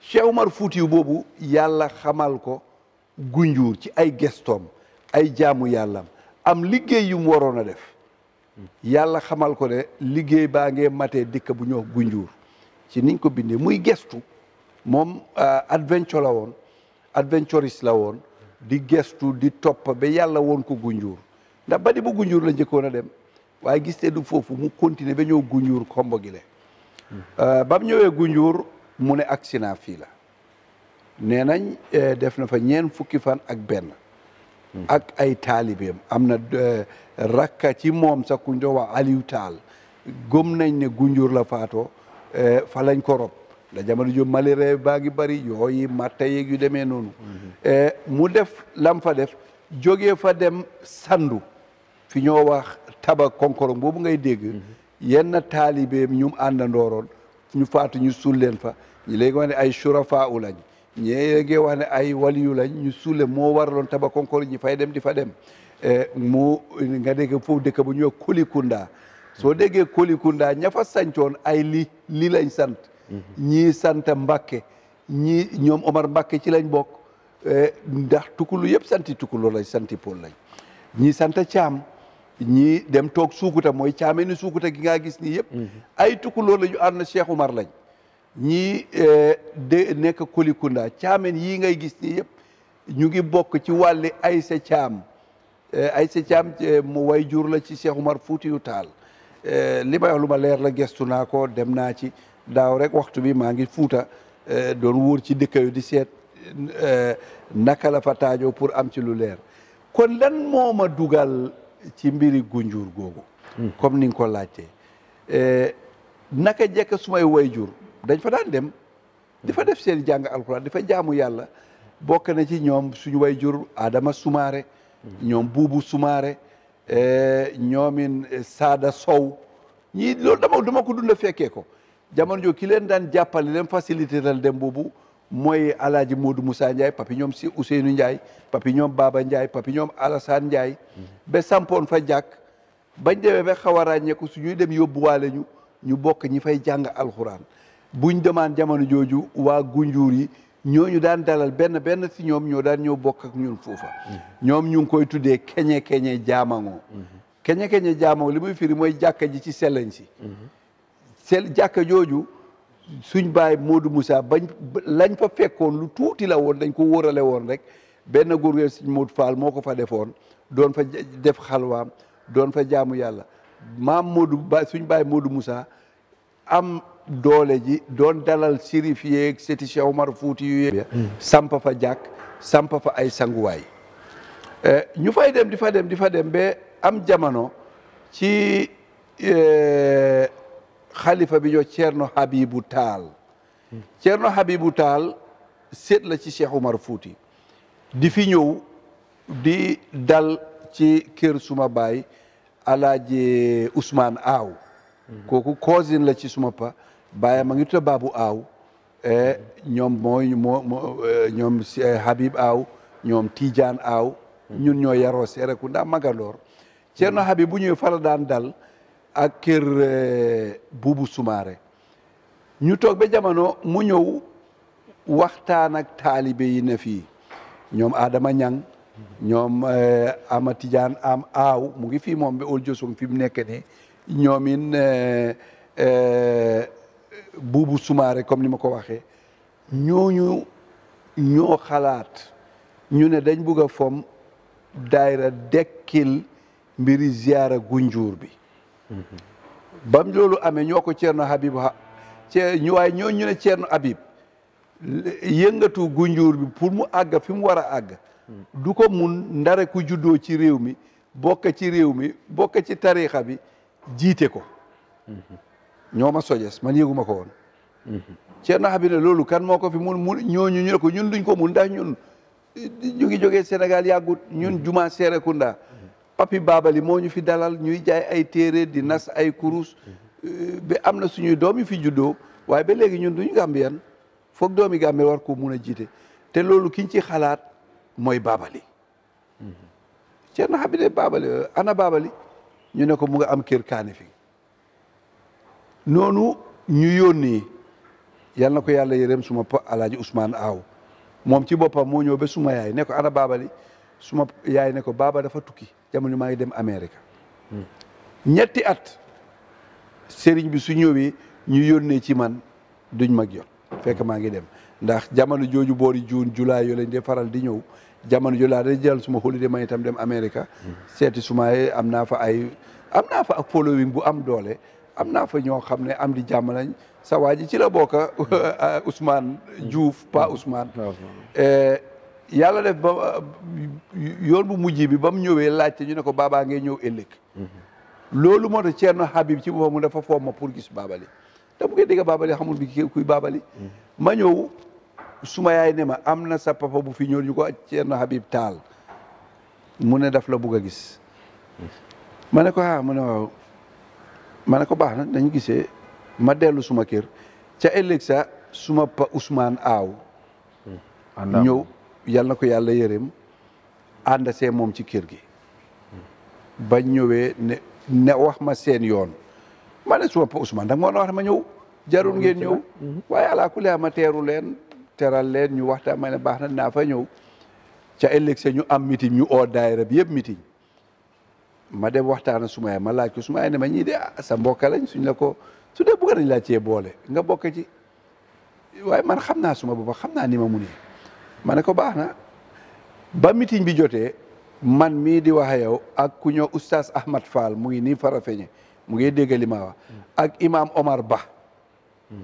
Speaker 2: Cheikh Omar Foutiou boobu yàlla xamal ko gunjuur ci ay gestoom ay jaamu yàllam am liggéey yu mu waroon a def yàlla xamal ko ne liggéey baa ngee matee dikk bu ñëw gunjuur ci niñ ko bindee muy gestu moom euh, adventure la woon adventuriste la woon di gestu di topp ba yàlla woon ko gunjuur ndax badi bu gunjuur la njëkkoon a dem waaye gis du foofu mu continuer ba ñëw gunjuur kombo gi le euh, ba mu ñëwee gunjuur mu ne agsi naa fii la nee nañ euh, def na fa ñeen fukki fan ak benn ak ay taalibeem am na eh, rakka ci moom sax ku ñu wax Aliou Tall gëm nañ ne Gunjur la faatoo eh, fa lañ ko rob da jamono ju malaria baa bari yooyu matta yeeg yu demee noonu mm-hmm. eh, mu def lam fa def jógee fa dem sandu fi ñoo wax taba konkorong boobu ngay dégg mm-hmm. yenn taalibeem ñu àndandooroon ñu faatu ñu sulleen fa ñu léegi ma ne ay surafa u lañ ñeege wane ay waliyu lañ ñu suule moo waraloon taba konkor ji fay dem di fa dem e, mu nga dégg foofu dëkk bu ñuy Kolikunda soo déggee Kolikunda ña fa sancoon ay li li lañ sant mhm. ñii sant mbakke ñi ñoom Omar mbakke ci lañ bokk e, ndax tukulu yëpp santi tukulu lañ santi Pool lañ ñii sant Caam ñii dem toog Suukuta mooy Caamee ni Suukuta gi ngaa gis nii yëpp mhm. ay la ñu ànd na Cheikh Omar lañ ñii eh, de nekk Kolikunda caamen yii ngay gis nii yëpp ñu ngi bokk ci wàlli Aysa Caam eh, Aysa Caam eh, mu way jur la ci Cheikh fuuti yu Taal li may lu ma leer la gestu naa ko dem naa ci daaw rek waxtu bi maa ngi Fuuta doon wóor ci dëkk yu di seet naka la fa taajoo pour am ci lu leer kon lan moo ma dugal ci mbiri gunjur googu hmm. comme ni nga ko laajtee naka jekk sumay way jur dañ fa daan dem di fa def seen jàng alxuraan di fa jaamu yàlla bokk na ci ñoom suñu way jur Adama Soumaré ñoom Buubu Soumaré eh, ñoomin eh, Saada Sow ñii lool dama dama ko dunda fekkee ko jamono jo ki leen daan jàppale leen facilité dal dem boobu mooy alaaji Modou Moussa Ndiaye papi ñoom si Ousseynou Ndiaye papi ñoom Baba Ndiaye papi ñoom Alassane Ndiaye ba sampoon fa jàkk bañ demee ba xaw a ràññeeku suñuy dem yóbbuwaale ñu ñu bokk ñi fay jàng alxuraan buñ demaan jamono jooju waa gunjuur yi ñoo ñu daan dalal benn benn si ñoom ñoo daan ñëw bokk ak ñun foofa ñoom ñu ngi koy tuddee keñe keñe jaamango keñe keñe jaamango li muy firi mooy jàkka ji ci sellañ si sel jàkka jooju suñ baay moodu Moussa bañ lañ fa fekkoon lu tuuti la woon dañ ko wóorale woon rek benn gurgeel suñ Modou Fall moo ko fa defoon doon fa def xalwaam doon fa jaamu yàlla maam Modou ba suñ baay Modou Moussa am doole ji doon dalal sirif yeeg seti Cheikh Omar Fuuti yu hmm. samp fa jàkk samp fa ay sanguwaay eh, ñu fay dem di fa dem di fa dem ba am jamono ci eh, xalifa bi ñoo Ceerno Habibu Taal Ceerno hmm. Habibu Taal seet la ci Cheikh Omar Fuuti di fi ñëw di dal ci kër suma baay alaaji Ousmane Aaw hmm. kooku cousin la ci suma pa baayam ma ngi tudd Babou Aw eh, ñoom mooy moo eh, ñoom eh, Habib Aw ñoom tiijaan Aw ñun ñoo yaroo Serekunda Magaloor Ceerno Habib bu ñuy fala daan dal ak kër Buubu Sumaare ñu toog ba jamono mu ñëw waxtaan ak taalibe yi ne fii ñoom Adama Ñang ñoom Ama Tidiane am aaw mu ngi fii moom ba ol fi mu nekke nii ñoomin buubu Soumaré comme ni ma ko waxe ñooñu ñoo xalaat ñu ne dañ bugg a fomm daayira dekkil mbiri ziyaara gunjuur bi bam loolu amee ñoo ko Ceerno Habib ce ñu waaye ñoo ñu ne Ceerno Habib yëngatu gunjuur bi pour mu àgg fi mu war a àgg du ko mun ndare ku juddoo ci réew mi bokk ci réew mi bokk ci tariixa bi jiite ko ñoo ma sojes man yëguma ko woon Ceerno Habib ne loolu kan moo ko fi mun mun ñooñu ñu ne ko ñun duñ ko mun ndax ñun ñu ngi jógee Sénégal yàggut ñun juma Serekunda papi baabali moo ñu fi dalal ñuy jaay ay téere di nas ay kurus ba am na suñuy doom yu fi juddoo waaye ba léegi ñun duñu Gambiyan foog doomi Gambie war ko mun a jiite te loolu kiñ ci xalaat mooy baabali Ceerno Habib ne baabali ana baabali ñu ne ko mu nga am kër kaani fi noonu ñu yónnee yal na ko yàlla yërëm suma po alaaji Ousmane Aw moom ci boppam moo ñëw ba suma yaay ne ko ana baabali suma yaay ne ko baaba dafa tukki jamono maa ngi dem amerika hmm. ñetti at sëriñ bi su ñëwee ñu yónnee ci man duñ mag jot fekk maa ngi dem ndax jamono jooju boori juun julaay yoo leen de faral di ñëw jamono jula day jël suma holiday man itam dem amerika hmm. seeti suma am naa fa ay am naa fa ak following bu am doole am naa fa ñoo xam ne am di jàmm lañ sa waa ji ci la bokk Ousmane Diouf pas Ousmane eh, yàlla def ba yoon bu mujj bi ba mu ñëwee laajte ñu ne ko baabaa ngay ñëw ëllëg
Speaker 4: mhm.
Speaker 2: loolu moo tax Thierno Habib ci boppam dafa fomm pour gis baabali te bu ngeen dégg baabali xamul bi mhm. suma yaay ne ma am na sa papa bu fi ñëw ñu ko Thierno Habib Taal mu ne daf la bugg a gis mhm. ma ko ah mu ne waaw ma ne ko baax na dañu gise ma dellu suma kër ca ëllëg sa suma pa Ousmane aaw ñëw yal na ko yàlla yërëm ànd see moom ci kër gi ba ñëwee ne wax ma seen yoon ma ne suma pa Ousmane da nga ma wax ma ñëw jarul ngeen ñëw mhm. waaye alaa kulli ma teeru leen teral leen ñu waxtaan ma ne baax na naa fa ñëw ca ëllëg sa ñu am meeting ñu oo daayira bi yëpp meeting ma dem waxtaan suma yaay ma laaj ko suma yaay ne ma ñii de sa mbokka lañ suñ la ko su dee bëgg nañ laa cee boole nga bokk ci waaye man xam naa suma bopp xam naa ni ma munee ma ne ko baax na ba mitin bi jotee man mii di wax ak ku ñëw oustaz Ahmad Fall mu ngi nii Farafeñe mu ngi dégg li ma wax ak imaam Omar Ba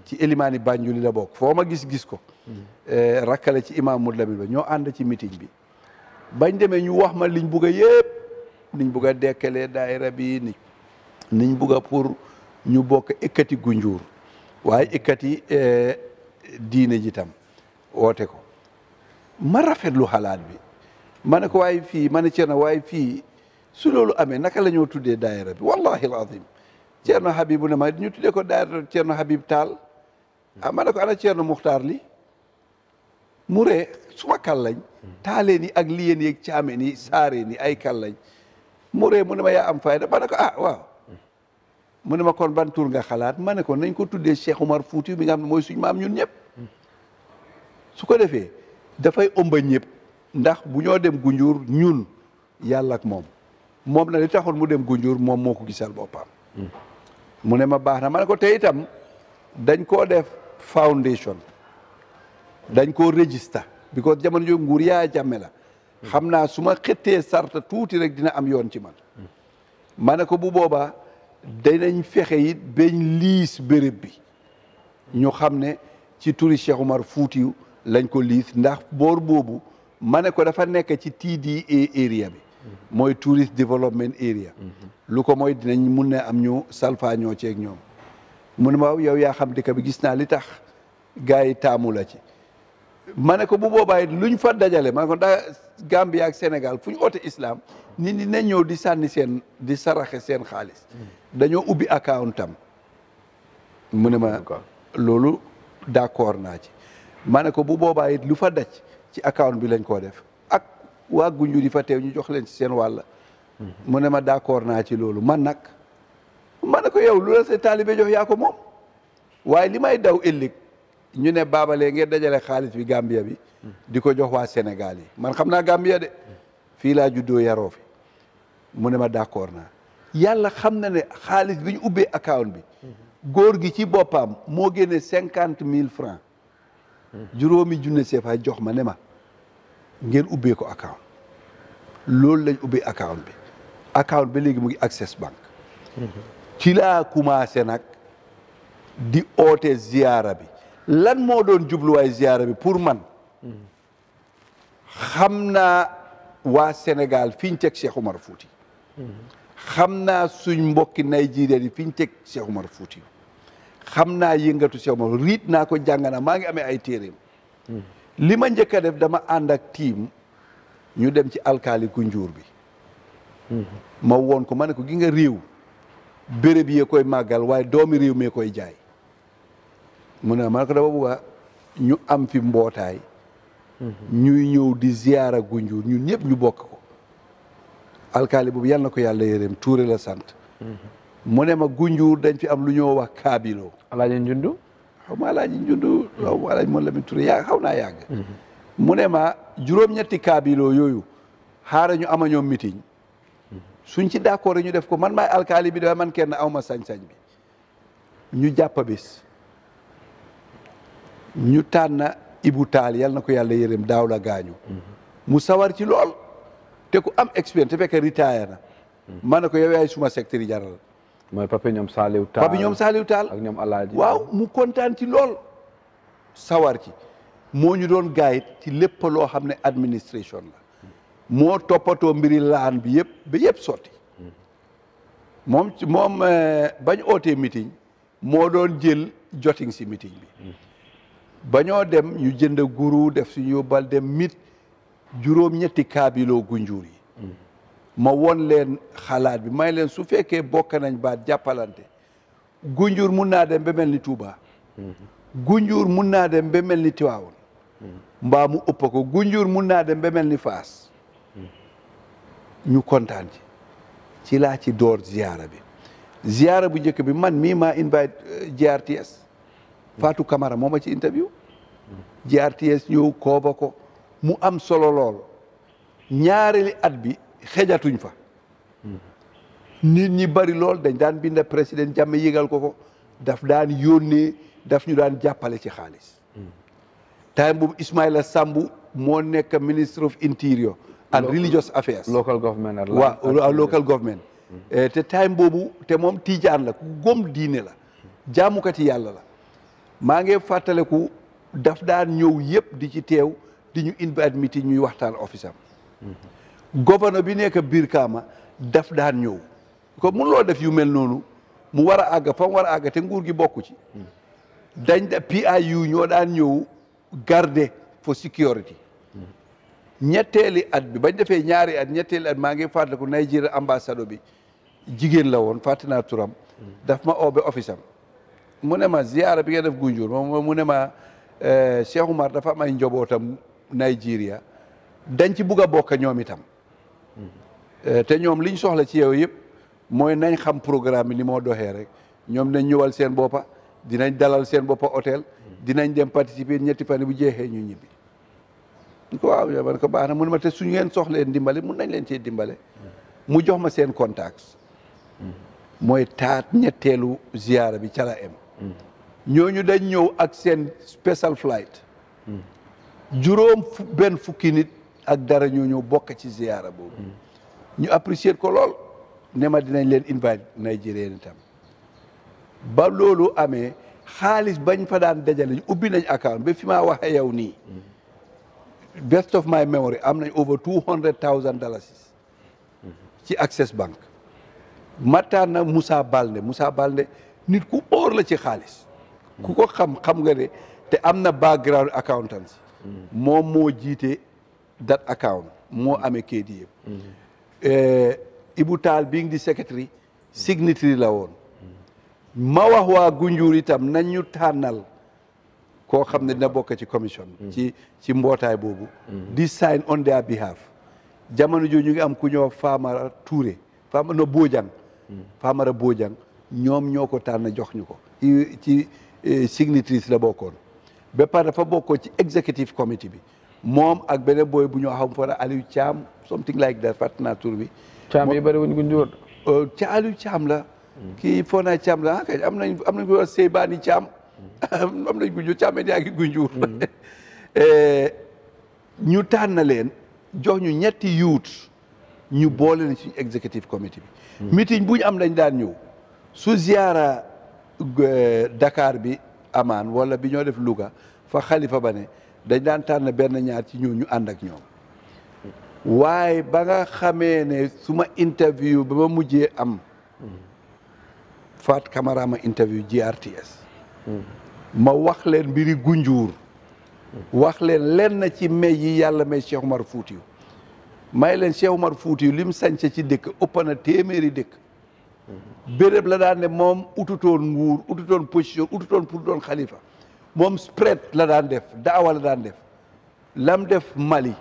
Speaker 2: ci élimaani Banjul la bokk foo ma gis-gis ko eh, rakkale ci imam Moudou Lamine Ba ñoo ànd ci meeting bi bañ demee ñu wax ma liñ bugg yëpp niñ bugg a dekkalee daayira bi ni niñ bugg a ñu bokk ikkati gunjuur waaye ikkati eh, diine ji tam woote ko ma lu xalaat bi ma ne ko waaye fii ma ne Thierno waaye fii su loolu amee naka la ñoo tuddee daayira bi wallahi alazim Thierno Habib ko daayira Thierno Habib Taal ah ma ne ko ana Thierno li mu ree suma kàllañ taaleen yi ak liyeen yeeg caameen ni saareen yi ay kàllañ mu ree mu ne ma yaa am fayda ma ne ko ah waaw mu ne ma kon ban tur nga xalaat ma ne ko nañ ko tuddee Cheikh Omar Fouti bi nga xam ne mooy suñu maam ñun ñëpp su ko defee dafay ëmba ñëpp ndax bu ñoo dem gunjur ñun yàlla ak moom moom na li taxoon mu dem gunjur moom moo ko gisal boppam mu ne ma baax na ma ko te itam dañ koo def foundation dañ koo register because jamono jooju nguur yaa jàmme la xam naa su ma xëttee sarta tuuti rek dina am yoon ci man ma ne ko bu boobaa danañ fexe it bañ liis béréb bi ñu xam ne ci turi Cheikh Omar Fuutiyu lañ ko liis ndax boor boobu ma ne ko dafa nekk ci TDA area bi mooy tourist development area lu ko mooy dinañ mun ne am ñu salfaañoo ceeg ñoom mu ne ma yow yaa xam dëkk bi gis naa li tax gars yi taamu la ci ma ne ko bu boobaa luñ fa dajale ma ne daa Gambie ak Sénégal fu ñu oote islam nit ñi nañ ñëw di sànni seen di saraxe seen xaalis hmm. dañoo ubbi account am mu ne ma loolu d'accord naa ci ma ne ko bu boobaa yit lu fa daj ci account bi lañ koo def ak waa guñu di fa teew ñu jox leen ci seen wàll hmm. mu ne ma d'accord naa ci loolu man nag ma ne ko yow lu la sa jox yaa ko moom waaye li may daw ëllëg ñu ne baabalee ngeen dajale xaalis bi Gambia bi di ko jox waa Sénégal yi man xam naa Gambia de fii laa juddoo yaroo fi mu ne ma d'accord naa yàlla xam na ne xaalis biñu ñu ubbee account bi góor gi ci boppam moo génne cinquante mille francs juróomi junne CFA jox ma ne ma ngeen ubbee ko account loolu lañ ubbee account bi account ba léegi mu ngi Access Bank mhm. ci laa commencé nag di oote ziyaara bi lan moo doon jubluwaay ziyaara bi pour man xam naa waa senegal fiñ teg Cheikh fuuti Fouti xam naa suñ mbokki Nigeria yi fi ñu teg Cheikh Omar Fouti xam naa yëngatu Cheikh Omar riit naa ko jàng maa ngi amee ay téeréem li ma njëkk a def dama ànd ak tiim ñu dem ci alkaali ku njuur bi ma woon ko ma ne ko gi nga réew béréb yee koy màggal waaye doomi réew mee koy jaay mu ne ma ne ko dama bëgg ñu am fi mbootaay ñu ñëw di ziyaara Gunjur ñu ñëpp ñu bokk ko boobu yal na ko yàlla yërëm Tuure la sant mu ne ma Gunjur dañ fi am lu ñoo wax kaabilo alaaji njundu xaw ma alaaji xaw alaaji moom la mhm. mu ne ma juróom-ñetti kaabilo yooyu xaara ñu ama ñoom meeting suñ ci d'accord ñu def ko man maay alkaali bi dafa man kenn awma sañ-sañ bi ñu jàpp bis ñu tànn Ibou Taal yal na ko yàlla yërëm daaw la gaañu mu sawar ci lool te ku am expérience te fekk retire na ma ne ko yow yaay suma secteur yi jaral mooy papi ñoom Saliou Taal papi ñoom Saliou Taal ak ñoom Alaaji waaw mu kontaan ci lool sawar ci moo ñu doon gaayit ci lépp loo xam ne administration la moo toppatoo mbiri laan bi yëpp ba yëpp sotti moom moom euh, bañ ootee meeting moo doon jël jotting si meeting bi bañoo dem ñu jënd guru def suñu yóbbal dem mit juróom-ñetti kaabiloo gunjur yi ma won leen xalaat bi may leen su fekkee bokk nañ baat jàppalante gunjur mun naa dem ba mel ni Touba gunjur mun naa dem ba mel ni Tiwaawoon gunjur mun naa dem ba mel ni Faas ñu kontaan ci ci laa ci door ziyaara bi ziyaara bu njëkk bi man mii maa invite euh, GRTS Fatou kamara moom ma ci interview GRTS ñëw kooba ko mu am solo lool ñaareeli at bi xejatuñ fa nit ñi bari lool dañ daan bind président jàmm yëgal ko ko daf daan yónnee daf ñu daan jàppale ci xaalis time boobu Ismaila Sambu moo nekk ministre of interior and religious affairs local government waaw local government eh, te time boobu te moom tiijaan la ku gom diine la jàmmukati yàlla la maa ngi fàttaliku daf daan ñëw yëpp di ci teew di ñu invite meeting ñuy waxtaan office am gouverneur bi nekk biir kaama daf daan ñëw ko mun loo yu mel noonu mu war a àgg fa mu war a àgg te nguur gi bokku ci dañ da PIU ñoo daan ñëw garder for security ñetteeli at bi bañ defee ñaari at ñetteeli at maa ngi fàttaliku Nigeria ambassadeur bi jigéen la woon fàtte naa turam daf ma oo ba office am mu ne ma ziyaara bi nga def Gunjur moom mu ne ma eh, Cheikh Oumar dafa am ay njobootam Nigeria dañ ci bugg a bokk ñoom itam eh, te ñoom liñ soxla ci yow yëpp mooy nañ xam programme bi ni moo doxee rek ñoom nañ ñëwal seen boppa dinañ dalal seen boppa hôtel dinañ dem participer ñetti fan bu jeexee ñu ñibbi ñu ko waaw yow man mu ne ma te suñu ngeen soxlee dimbale mun nañ leen cee dimbale mu jox ma seen contacts hmm. mooy taat ñetteelu ziyaara bi cala em ñooñu dañ ñëw ak seen special flight. juróom benn fukki nit ak dara ñoo ñëw bokk ci ziyaara boobu. ñu apprécier ko lool ne ma dinañ leen invite Nigerian itam ba loolu amee xaalis bañ fa daan dajale ubbi nañ account ba fi maa waxee yow nii. best of my memory am nañ over two hundred thousand dollars ci Access Bank. Mataan na Moussa Balde Moussa Balde. nit ku óor la ci xaalis ku ko xam xam nga ne te am na background accountancy moom moo jiite that account moo ame kayit yi yëpp eh, Ibu Taal bi di secretary signatory la woon ma wax waa Gunjur itam nañ ñu tànnal koo xam ne dina bokk ci commission ci ci mbootaay boobu di sign on their behalf jamono jooju ñu ngi am ku ñoo Famara Touré Famara no Bojang Famara Bojang ñoom ñoo ko tànn jox ñu ko ci eh, signatrice la bokkoon ba pare dafa bokkoo ci executive committee bi moom ak beneen booy bu ñoo xam fara Aliou Thiam something like that fàtt naa tur bi Thiam yi bëri wuñ ko njuróot euh, ca Aliou Thiam la kii foo naa Thiam la ah kay am nañ am nañ ko Seybani Thiam am nañ gunjur Thiam yaa ngi gunjur mm-hmm. eh, ñu tànn leen jox ñu ñetti youth ñu boole leen ci executive committee bi mm-hmm. meeting bu ñu am lañ daan ñëw su ziyaara eh, dakaar bi amaan wala bi ñoo def Louga fa xalifa ba ne dañ daan tànn benn ñaar ci ñu ñu ànd ak ñoom waaye ba nga xamee ne suma ma interview ba ma mujjee am Faat Camara ma interview GRTS ma wax leen mbiri Gunjuur wax leen lenn ci may yi yàlla may Cheikh Umar Fuutiyu may leen Cheikh Umar Fuutiyu lim sañse ci dëkk ëpp na téeméeri dëkk béréb la daan ne moom ututoon nguur ututoon position ututoon pour doon xalifa moom spread la daan def daawa la daan def lam def Mali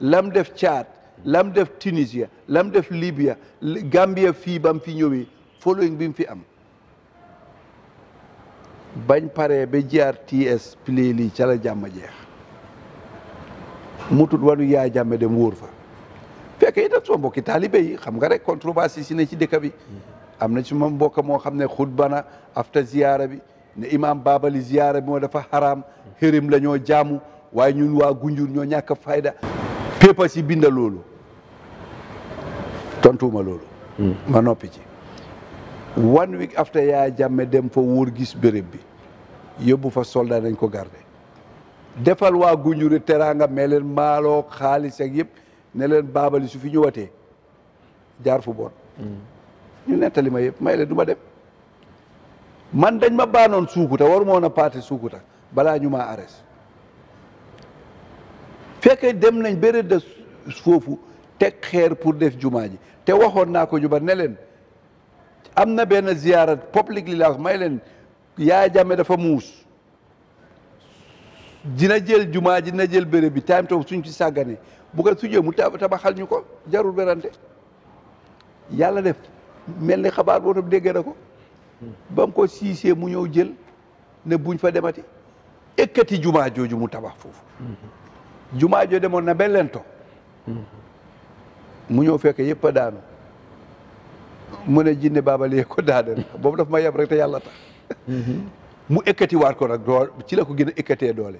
Speaker 2: lam def Tchad lam def Tunisia lam def Libya Gambia fii bam fi ñëwee following bi mu fi am bañ paree ba GRTS plé lii ca la jàmm jeex mutut wanu yaa jàmme dem wóor fa fekk itam soo mbokki taalibe yi xam nga rek controverse si ne ci dëkk bi am na ci moom mbokk moo xam ne xutbana afta ziyaara bi ne imaam baabali ziyaara bi moo dafa xaraam xërim la ñoo jaamu waaye ñun waa gunjur ñoo ñàkk fayda pépa si binda loolu tontuuma loolu hmm. ma noppi ci one week after Yaya Jammeh dem fa wóor gis béréb bi yóbbu fa soldat dañ ko garde defal waa gunjuri teraanga mais leen maaloo xaalis ak yëpp ne leen baabali su fi ñëwatee jaar fu bon hmm. ñu nettali ma yëpp may leen duma dem man dañ ma baanoon Suukuta waru ma woon a paate Suukuta balaa ñu maa arrêté fekkee dem nañ bëre de foofu teg xeer pour def jumaa ji te waxoon naa ko juba ne leen am na benn ziyaara public li may leen yaa jàmme dafa muus dina jël jumaa ji dina jël béréb bi time toog suñ ci sàggane bu ko sujee mu tabaxal ñu ko jarul berante yàlla def mel ni xabaar boo tam dégg na ko ba ko siisee mu ñëw jël ne buñ fa demati ekkati jumaa jooju mu tabax foofu jumaa joo demoon na benn mu ñëw fekk yëpp a daanu mu ne jinne baabalee ko daaneel boobu daf ma yeb rek te yàlla tax mu ekkati waat ko nag doo ci la ko gën a ekkatee doole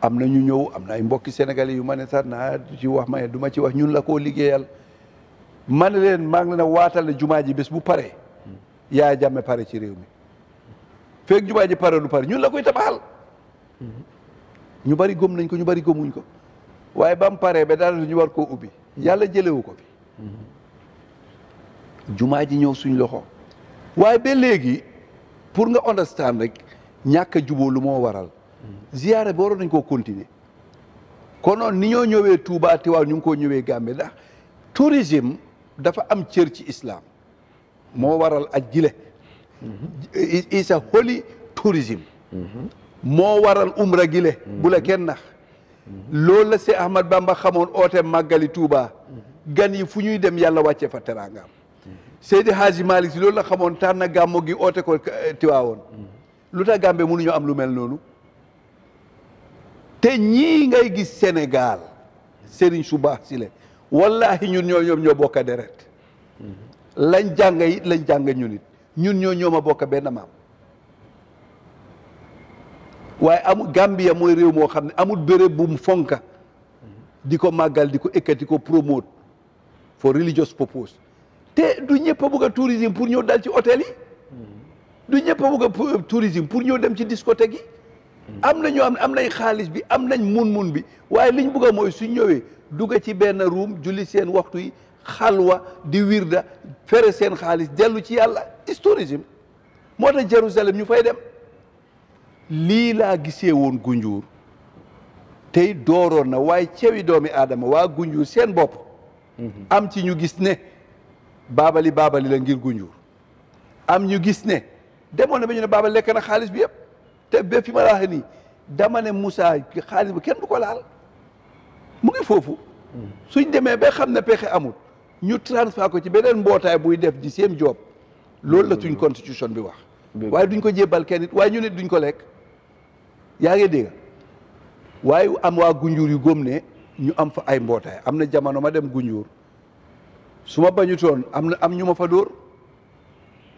Speaker 2: am na ñu ñëw am na ay mbokki sénégalais yu ma ne sax naa ci wax ma ne du ci wax ñun la koo liggéeyal ma ne leen maa ngi leen waatale jumaa ji bés bu paree Yaya Jammeh pare ci réew mi feeg jumaa ji pare lu pare ñun la koy tabaxal ñu bari gëm nañ ko ñu bari gëmuñ ko waaye ba mu paree ba daal ñu war koo ubbi yàlla jëlewu ko fi jumaa ji ñëw suñ loxo waaye be léegi pour nga understand rek ñàkk a juboo lu moo waral ziyaare bi waroon nañ koo continuer konoon ni ñoo ñëwee Touba Tiwaawan ñu ngi koo ñëwee Gambie ndax tourisme dafa am cër ci islam moo waral aj gile isa holy tourism moo waral umra gile bu la kenn nax loolu la Seex Ahmad Bamba xamoon oote màggali Tuuba gan yi fu ñuy dem yàlla wàcce fa teraangaam Seydi Haaji Malick si loolu la xamoon na gàmmo gi oote ko eh, tiwaawoon lu tax Gàmbi mënuñu am lu mel noonu te ñii ngay gis senegal Serigne su baax si le wallaahi ñun ñoo ñoom ñoo bokk deret lañ jàng it lañ jàng ñun it ñun ñoo ñoom a bokk benn maam waaye amul Gambia mooy réew moo xam ne amul béréb bu mu fonka di ko màggal di ko ekkati ko promote for religious purpose te du ñëpp a bëgg a pour ñëw dal ci hôtel yi du ñëpp a bëgg a pour ñëw dem ci discothèque yi am na ñoo am am nañ xaalis bi am nañ mun-mun bi waaye liñ bëgg a mooy suñ ñëwee dugg ci benn ruum julli seen waxtu yi xalwa di wirda fere seen xaalis dellu ci yàlla historisme moo Jérusalem ñu fay dem lii laa gisee woon gunjuur tey dooroon na waaye cewi doomi aadama waa gunjuur seen bopp am ci ñu gis ne baabali baabali la ngir gunjuur am ñu gis ne demoon na ba ñu ne baabali lekk na xaalis bi yëpp te ba fi ma la waxee dama ne Moussa xaalis bi kenn du ko laal mu ngi foofu suñ demee ba xam ne pexe amul ñu transfert ko ci beneen mbootaay buy def di seen job loolu la suñ constitution bi wax waaye duñ ko jébbal kenn nit waaye ñu ne duñ ko lekk yaa ngi dégg waaye am waa gunjur yu góom ne ñu am fa ay mbootaay am na jamono ma dem gunjur su ma bañutoon am na am ñu ma fa dóor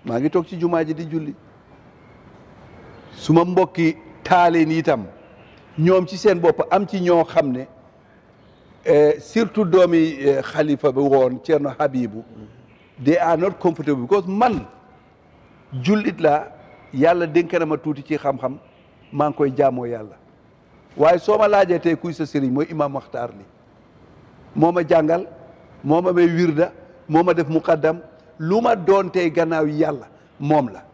Speaker 2: maa ngi toog ci jumaa ji di julli su ma mbokki taaleen itam ñoom ci seen bopp am ci ñoo xam ne Eh, surtout doomi xalifa eh, bi woon Thierno Habibou they are not comfortable because man jullit la yàlla dénk ma tuuti ci xam-xam maa ngi koy jaamoo yàlla waaye soo ma laajee tey kuy sa sëriñ mooy imam Maxtaar li moo ma jàngal moo ma may wirda moo ma def muqaddam lu ma doon tey gannaaw yàlla moom la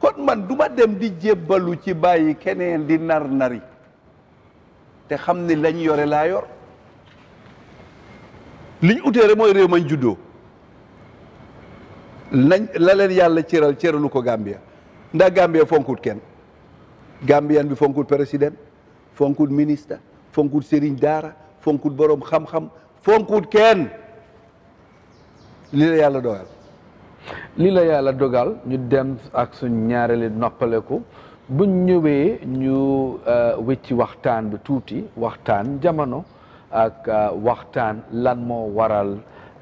Speaker 2: kon man du ma dem di jébbalu ci bàyyi keneen di nar nari te xam ni lañ yore laa yor liñ utee rek mooy réew mañ juddoo nañ la leen yàlla cëral ceralu ko Gambia ndax Gambia fonkut kenn Gambian bi fonkut président fonkut ministre fonkut sëriñ daara fonkut
Speaker 1: borom xam-xam fonkut kenn li la yàlla dogal lii la yàlla dogal ñu dem ak suñ ñaareeli noppaleku buñ ñëwee ñu euh, wécci waxtaan bi tuuti waxtaan jamono ak euh, waxtaan lan moo waral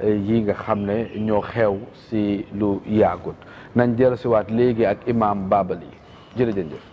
Speaker 1: euh, yi nga xam ne ñoo xew si lu yaagut nañ jël siwaat léegi ak imaam Babali jërëjëf.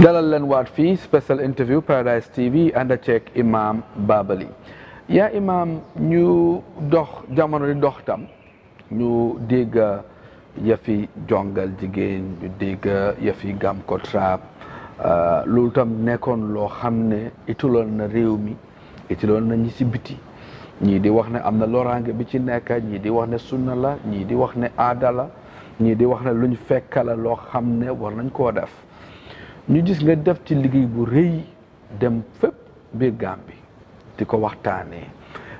Speaker 1: Dalal fi special interview Paradise TV anda check Imam Babali ya Imam ñu dox jamono di dox tam ñu dégg yafi jongal jigen ñu dégg yafi gam ko trap euh, loolu tam nekkon lo xamne itulon na réew mi na ñi ci biti ñi di wax ne amna lorange bi ci nekk ñi di wax ne sunna la ñi di wax ne aada la di wax ne luñu fekkala lo xamne war nañ ko def ñu gis nga def ci liggéey bu rëy dem fépp biir bi di ko waxtaanee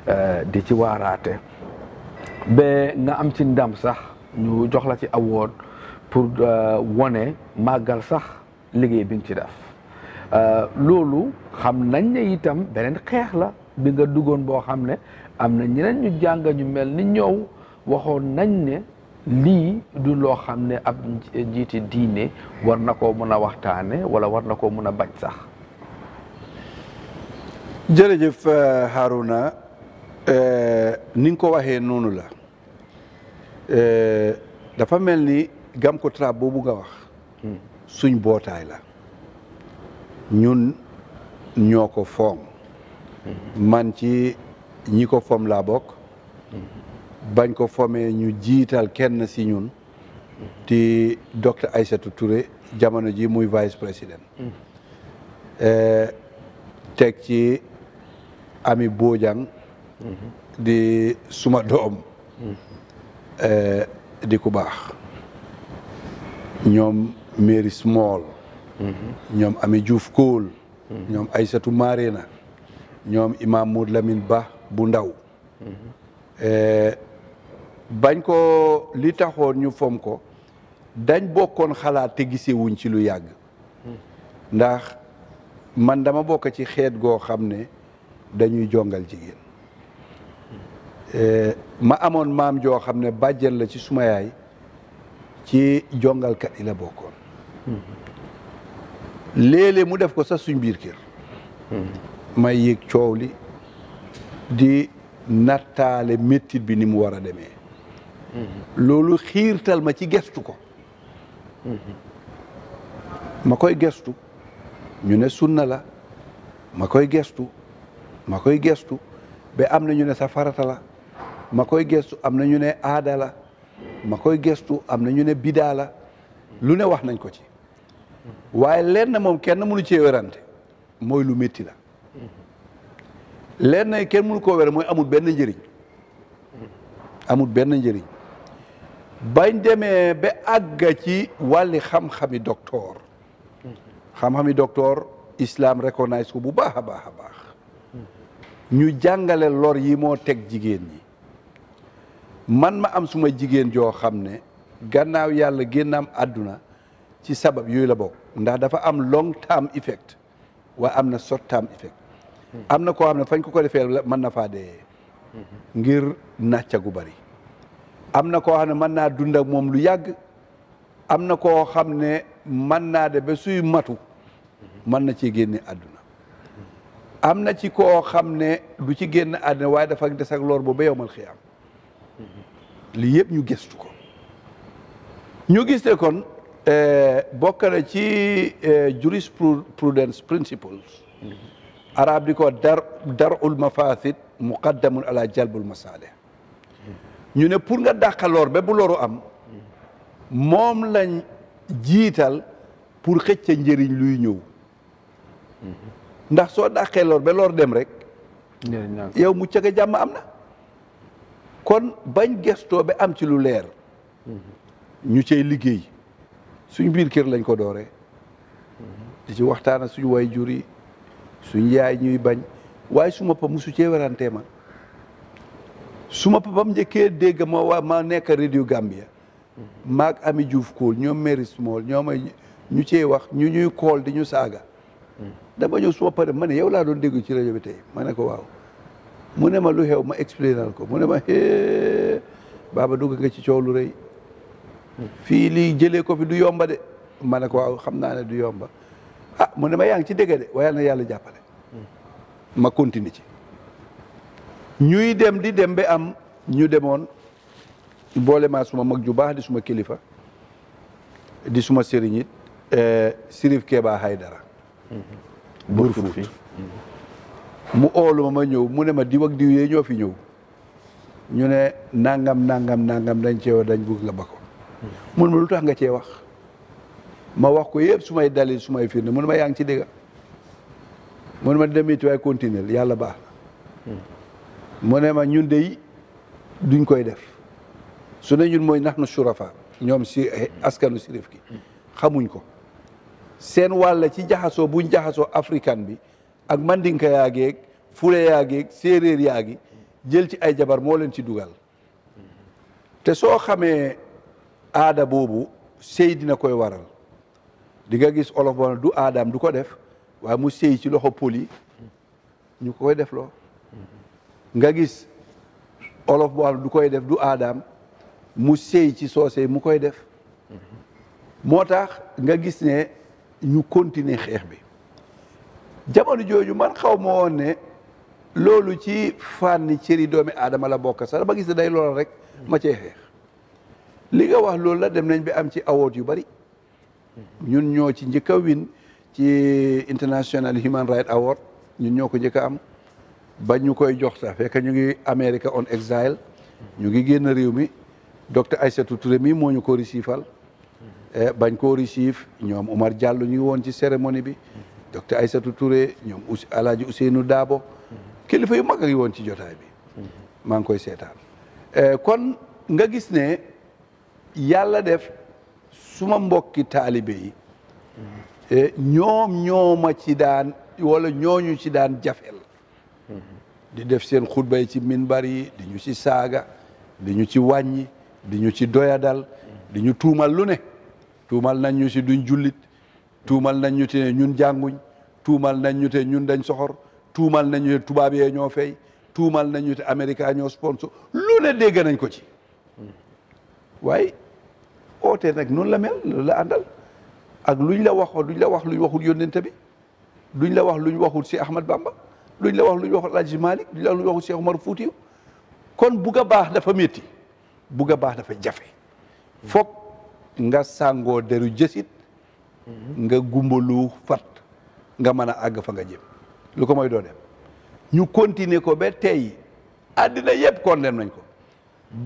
Speaker 1: euh, di ci waaraate ba nga am ci ndam sax ñu jox la ci award pour euh, wone màggal sax liggéey bi nga ci def euh, loolu xam nañ ne itam beneen xeex la bi nga duggoon boo xam ne am na ñeneen ñu jàng ñu mel ni ñëw waxoon nañ ne lii du loo xam ne ab njiiti diine war na koo mën a waxtaane wala war na koo mën a bañ sax
Speaker 2: jërëjëf xaruna euh, euh, ni ko waxee noonu la euh, dafa mel ni gam ko boo bugg a wax hmm. suñ bootaay la ñun ñoo ko foom hmm. man ci ñi ko foom laa bokk bañ ko fome ñu jiital kenn si ñun di docteur Aïssatou Touré jamono ji muy vice président eh, teg ci Ami Bojang di suma doom eh, di ku baax ñoom Mary Small ñoom Ami Diouf Kool ñoom Aïssatou Marina ñoom Imam Mood Lamine Ba bu ndaw eh, bañ ko li taxoon ñu fomm ko dañ bokkoon xalaat te gisee ci lu yàgg ndax man dama bokk ci xeet goo xam ne dañuy jongal jigéen eh, ma amoon maam joo xam ne bàjjen la ci suma yaay ci jongalkat yi la bokkoon léeg mu def ko sax suñ biir kër may yëg coow li di nattaale méttit bi ni mu war a demee loolu xiirtal ma ci gestu ko ma koy gestu ñu ne sunna la ma koy gestu ma koy gestu ba am na ñu ne safarata la ma koy gestu am na ñu ne aada la ma koy gestu am na ñu ne bidaa la lu ne wax nañ ko ci waaye leen lenn moom kenn mënu cee werante mooy lu métti la leen lenn kenn mënu koo wér mooy amul benn njëriñ amul benn njëriñ bañ demee ba àgg ci wàlli xam-xami docteur xam-xami docteur islam recognize ko bu baax a baax a baax ñu jàngale lor yi moo teg jigéen ñi man ma am suma jigéen joo xam ne gannaaw yàlla génnaam àdduna ci sabab yooyu la bokk ndax dafa am long term effect waaye am na short term effect hmm. am na koo xam ne fañ ko ko defee mën na faa dee hmm. ngir nàcca gu bari am na koo xam ne mën naa dund ak moom lu yàgg am na koo xam ne mën naa de ba suy matu mën na ci génne àdduna am na ci koo xam ne du ci génn àdduna waaye dafa des ak lor bu ba yowmal xiyaam li yëpp ñu gëstu ko ñu gis ne kon eh, bokk na ci eh, jurisprudence principles arab di ko dar darul mafaasid muqaddamun ala jalbul masaalih ñu ne pour nga dàqa lor bu loru am mom lañ jital pour xëcca njëriñ luy ñëw ndax so dàqee lor ba lor dem rek yow mu ciaga amna kon bañ gesto be am ci lu leer ñu cey liggéey suñ biir kër lañ ko doré di ci waxtana suñ way juri yi suñ yaay ñuy bañ way su ma pa musu ci werantee ma su ma papam njëkkee dégg ma waa ma nekk Radio Gambia maak Ami Diouf Kool ñoom Mary Small ñooma ñu cee wax ñu ñuy kool di ñu saaga dama ñëw su ma pare ma ne yow laa doon dégg ci rajo bi tey ma ko waaw mu ne ma lu xew ma expliqué ko mu ne ma hee baaba dugg nga ci coow lu rëy fii lii jëlee ko fi du yomba de ma ne ko waaw xam naa ne du yomba a ah, mu ne ma yaa ngi ci dégg de waaye na yàlla jàppale ma continue ci ñuy dem di dem ba am ñu demoon boole maa suma mag ju baax di suma kilifa di suma sëriñ it eh, Sirif Keba Haydara mm-hmm. buur Fuuta
Speaker 5: mm-hmm.
Speaker 2: mu oolu ma ma ñëw mu ne ma diw ak diw yee ñoo fi ñëw ñu ne nangam nangam nangam dañ cee wax dañ bugg nga ba ko mm-hmm. mun ma lu tax nga cee wax ma wax ko yëpp su may dalil su may firnde mun ma yaa ngi ci dégga mun ma demit waaye continuer yàlla baax mu ne ma ñun de duñ koy def su ne ñun mooy nax nu surafa ñoom si eh, askanu sirif gi xamuñ ko seen wàll ci jaxasoo buñ jaxasoo africaine bi ak mandinka yaa geeg fule yaa geeg séeréer yaa gi jël ci ay jabar moo leen ci dugal te soo xamee aada boobu sey dina koy waral di nga gis olof boo du aadaam du ko def waaye mu sey ci loxo poli ñu koy def loo nga gis olof bu am du koy def du aadaam mu sey ci soose mu koy def moo tax nga gis ne ñu continuer xeex bi jamono jooju man xaw ma woon ne loolu ci fànni cëri doomi aadama la bokk sax dama gis ne day lool rek ma cee xeex li nga wax loolu la dem nañ bi am ci awoot yu bari ñun ñoo ci njëkk win ci international human rights award ñun ñoo ko njëkk a am ba ñu koy jox sax fekk ñu ngi America on exile ñu ngi génn réew mi docteur Aïssatou Touré mi moo ñu ko risiifal eh, bañ koo risiif ñoom Omar Diallo ñu ngi woon ci cérémonie bi docteur Aïssatou Touré ñoom us Alaaji nu Daabo kilifa yu mag ngi woon ci jotaay bi maa ngi koy seetaan eh, kon nga gis ne yàlla def suma mbokki taalibe yi eh, ñoom ñooma ci daan wala ñooñu ci daan jafel di def seen xutba yi ci minbar bari di ñu ci saaga di ñu ci wàññi di ñu ci doyadal di ñu tuumal lu ne tuumal nañ ñu ci duñ jullit tuumal nañ ñu ci ñun jànguñ tuumal nañ ñu te ñun dañ soxor tuumal nañ ñu te tubaab yee ñoo fay tuumal nañ ñu te Amérique ñoo sponsor lu ne dégg nañ ko ci waaye oote nag noonu la mel la àndal ak luñ la waxoon duñ la wax luñ waxul yónnente bi luñ la wax luñ waxul si Ahmad Bamba duñ la wax lu ñu wax Alaaji Malick duñ la wax lu ñu wax Cheikh Omar kon bugg a baax dafa métti bugg a baax dafa jafe foog nga sàngoo deru jësit nga gumbalu fat nga mën a àgg fa nga jëm lu ko mooy doo dem ñu continuer ko be tey àddina yëpp condamné nañ ko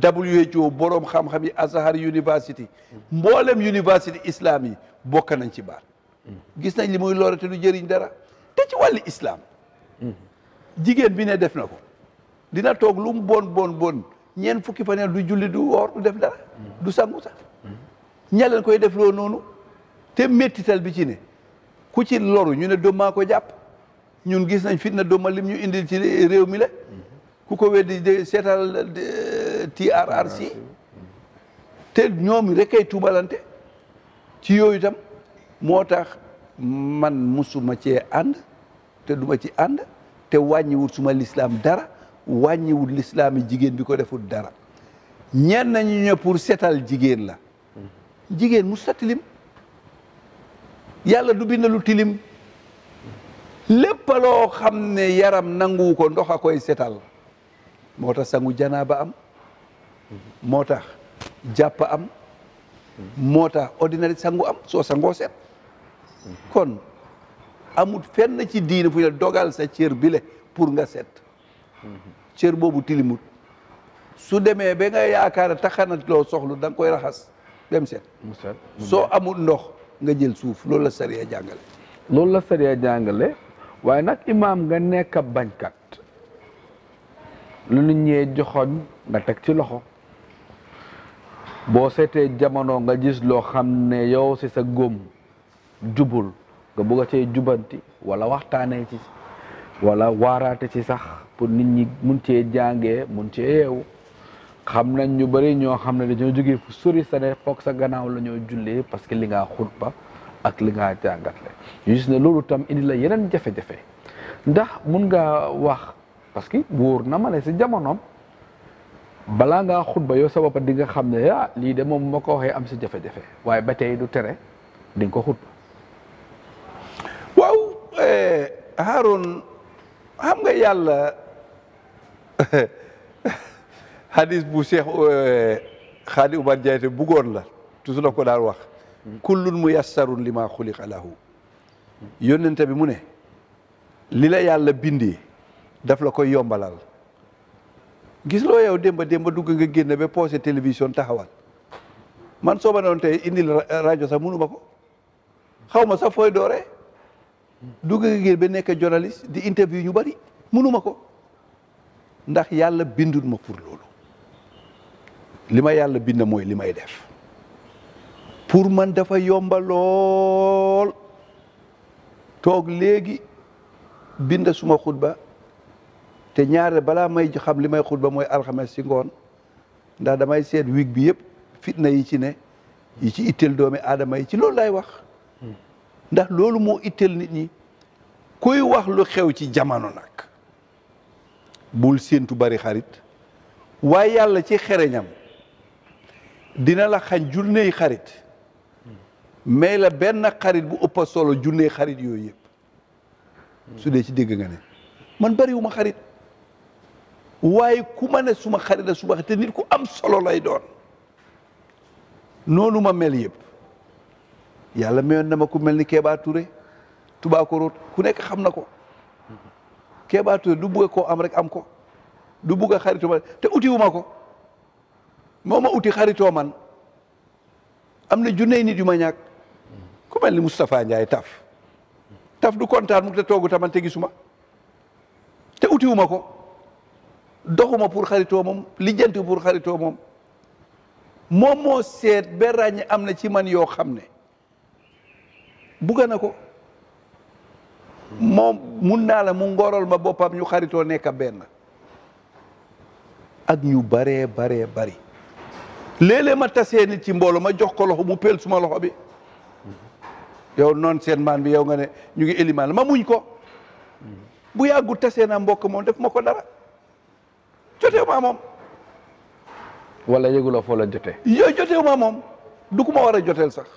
Speaker 2: WHO boroom xam-xam yi Azhar University mboolem université islam yi bokk nañ ci baat gis nañ li muy lore te du jëriñ dara te ci wàllu islam mm-hmm. jigéen bi ne def na ko dina toog lu mu bon bon bon ñeent fukki fan du julli du woor du def dara du sangu sax ñaleen koy def loo noonu te méttital bi ci ne ku ci loru ñu ne doomaa ko jàpp ñun gis nañ fitna dooma lim ñu indil ci réew mi la ku ko weddi de seetal TRRC te ñoom rek ay tuubalante ci yooyu tam moo tax man musuma cee ànd te duma ci ànd te wàññiwul suma lislaam dara wàññiwul lislaam yi jigéen bi ko deful dara ñenn nañu ñëw pour setal jigéen la jigéen mu sa tilim yàlla du bind lu tilim lépp loo xam ne yaram nangu ko ndox a koy setal moota tax sangu janaaba am moo tax jàpp am moo tax ordinaire sangu am soo sangoo set kon amul fenn ci diine fu ñu dogal sa cër bile pour nga set cër boobu tilimut su demee ba nga yaakaar taxana loo soxlu da koy raxas dem set
Speaker 1: soo amul ndox nga jël suuf loolu la sariya jàngale loolu la sariya jàngale waaye nag imaam nga nekk bañkat lu nu ñee joxoñ nga teg ci loxo boo seetee jamono nga jis loo xam ne yow si sa góom jubul nga bëgg a cee jubanti wala waxtaanee ci wala waaraate ci sax pour nit ñi mun cee jàngee mun cee yeewu xam nañ ñu bëri ñoo xam ne dañoo jógee fu sori sa ne sa gannaaw la ñoo jullee parce que li ngaa xutba ak li ngaa jàngatle ñu gis ne loolu tam indi la yeneen jafe-jafe ndax mun ngaa wax parce que wóor na ma ne si jamonoom balaa ngaa xutba yow sa bopp di nga xam ne ah lii de moom ma ko waxee am si jafe-jafe waaye ba tey du tere di ko xutba
Speaker 2: Eh, Haroun xam nga yàlla hadis bu Cheikh eh, Xaadi Umar Jayte buggoon la toujours daf ko daal wax kullun muyassarun li maa xuliqa lahu yónnente bi mu ne li la yàlla bindee daf la koy yombalal gis loo yow démba démba dugg nga génn ba poosé télévision taxawal man soo ma noon tey indil rajo sax mënu ma ko xaw ma sax doo dooree dugg ak yéen ba nekk journaliste di interview ñu bari mënuma ko ndax yàlla bindul ma pour loolu li ma yàlla bind mooy li may def pour man dafa yomba lool toog léegi bind suma xutba te ñaare balaa may xam li may xutba mooy alxames ci ngoon ndax damay seet wig bi yëpp fitna yi ci ne yi ci itteel doomi aadama yi ci loolu laay wax ndax loolu moo itteel nit ñi kuy wax lu xew ci jamono nag bul séentu bari xarit waaye yàlla ci xereñam dina la xañ junneey xarit mais la benn xarit bu ëpp solo junneey xarit yooyu yëpp su dee ci dégg nga ne man bariwuma xarit waaye ku ma ne suma xarit la suma xarit te nit ku am solo lay doon noonu ma mel yëpp yàlla mayoon na ma ku mel ni Kéba Touré Toubacouta ku nekk xam na ko Kéba Touré du bugg koo am rek am ko du bugg a xaritoo ma te utiwuma ko moo ma uti xaritoo man am na junne nit yu ma ñàkk ku mel ni Moustapha Ndiaye taf taf du kontaan mu te toogu taman te gisuma te utiwuma ko doxuma pour xaritoo moom lijjanti pour xaritoo moom moom moo seet ba ràññe am na ci man yoo xam ne bugga na ko moom mun naa la mu ngóoral ma boppam ñu xaritoo nekk benn ak ñu baree bare bari léeg-léeg ma tasee nit ci mboolo ma jox ko loxo mu pel suma loxo bi yow noon seen maan bi yow nga ne ñu ngi élimaan ma muñ ko bu yàggu tasee naa mbokk moom def ma ko dara joteewu maa moom
Speaker 1: walla yëguloo foo la jotee
Speaker 2: yooyu joteewu maa moom du ku ma war a joteel sax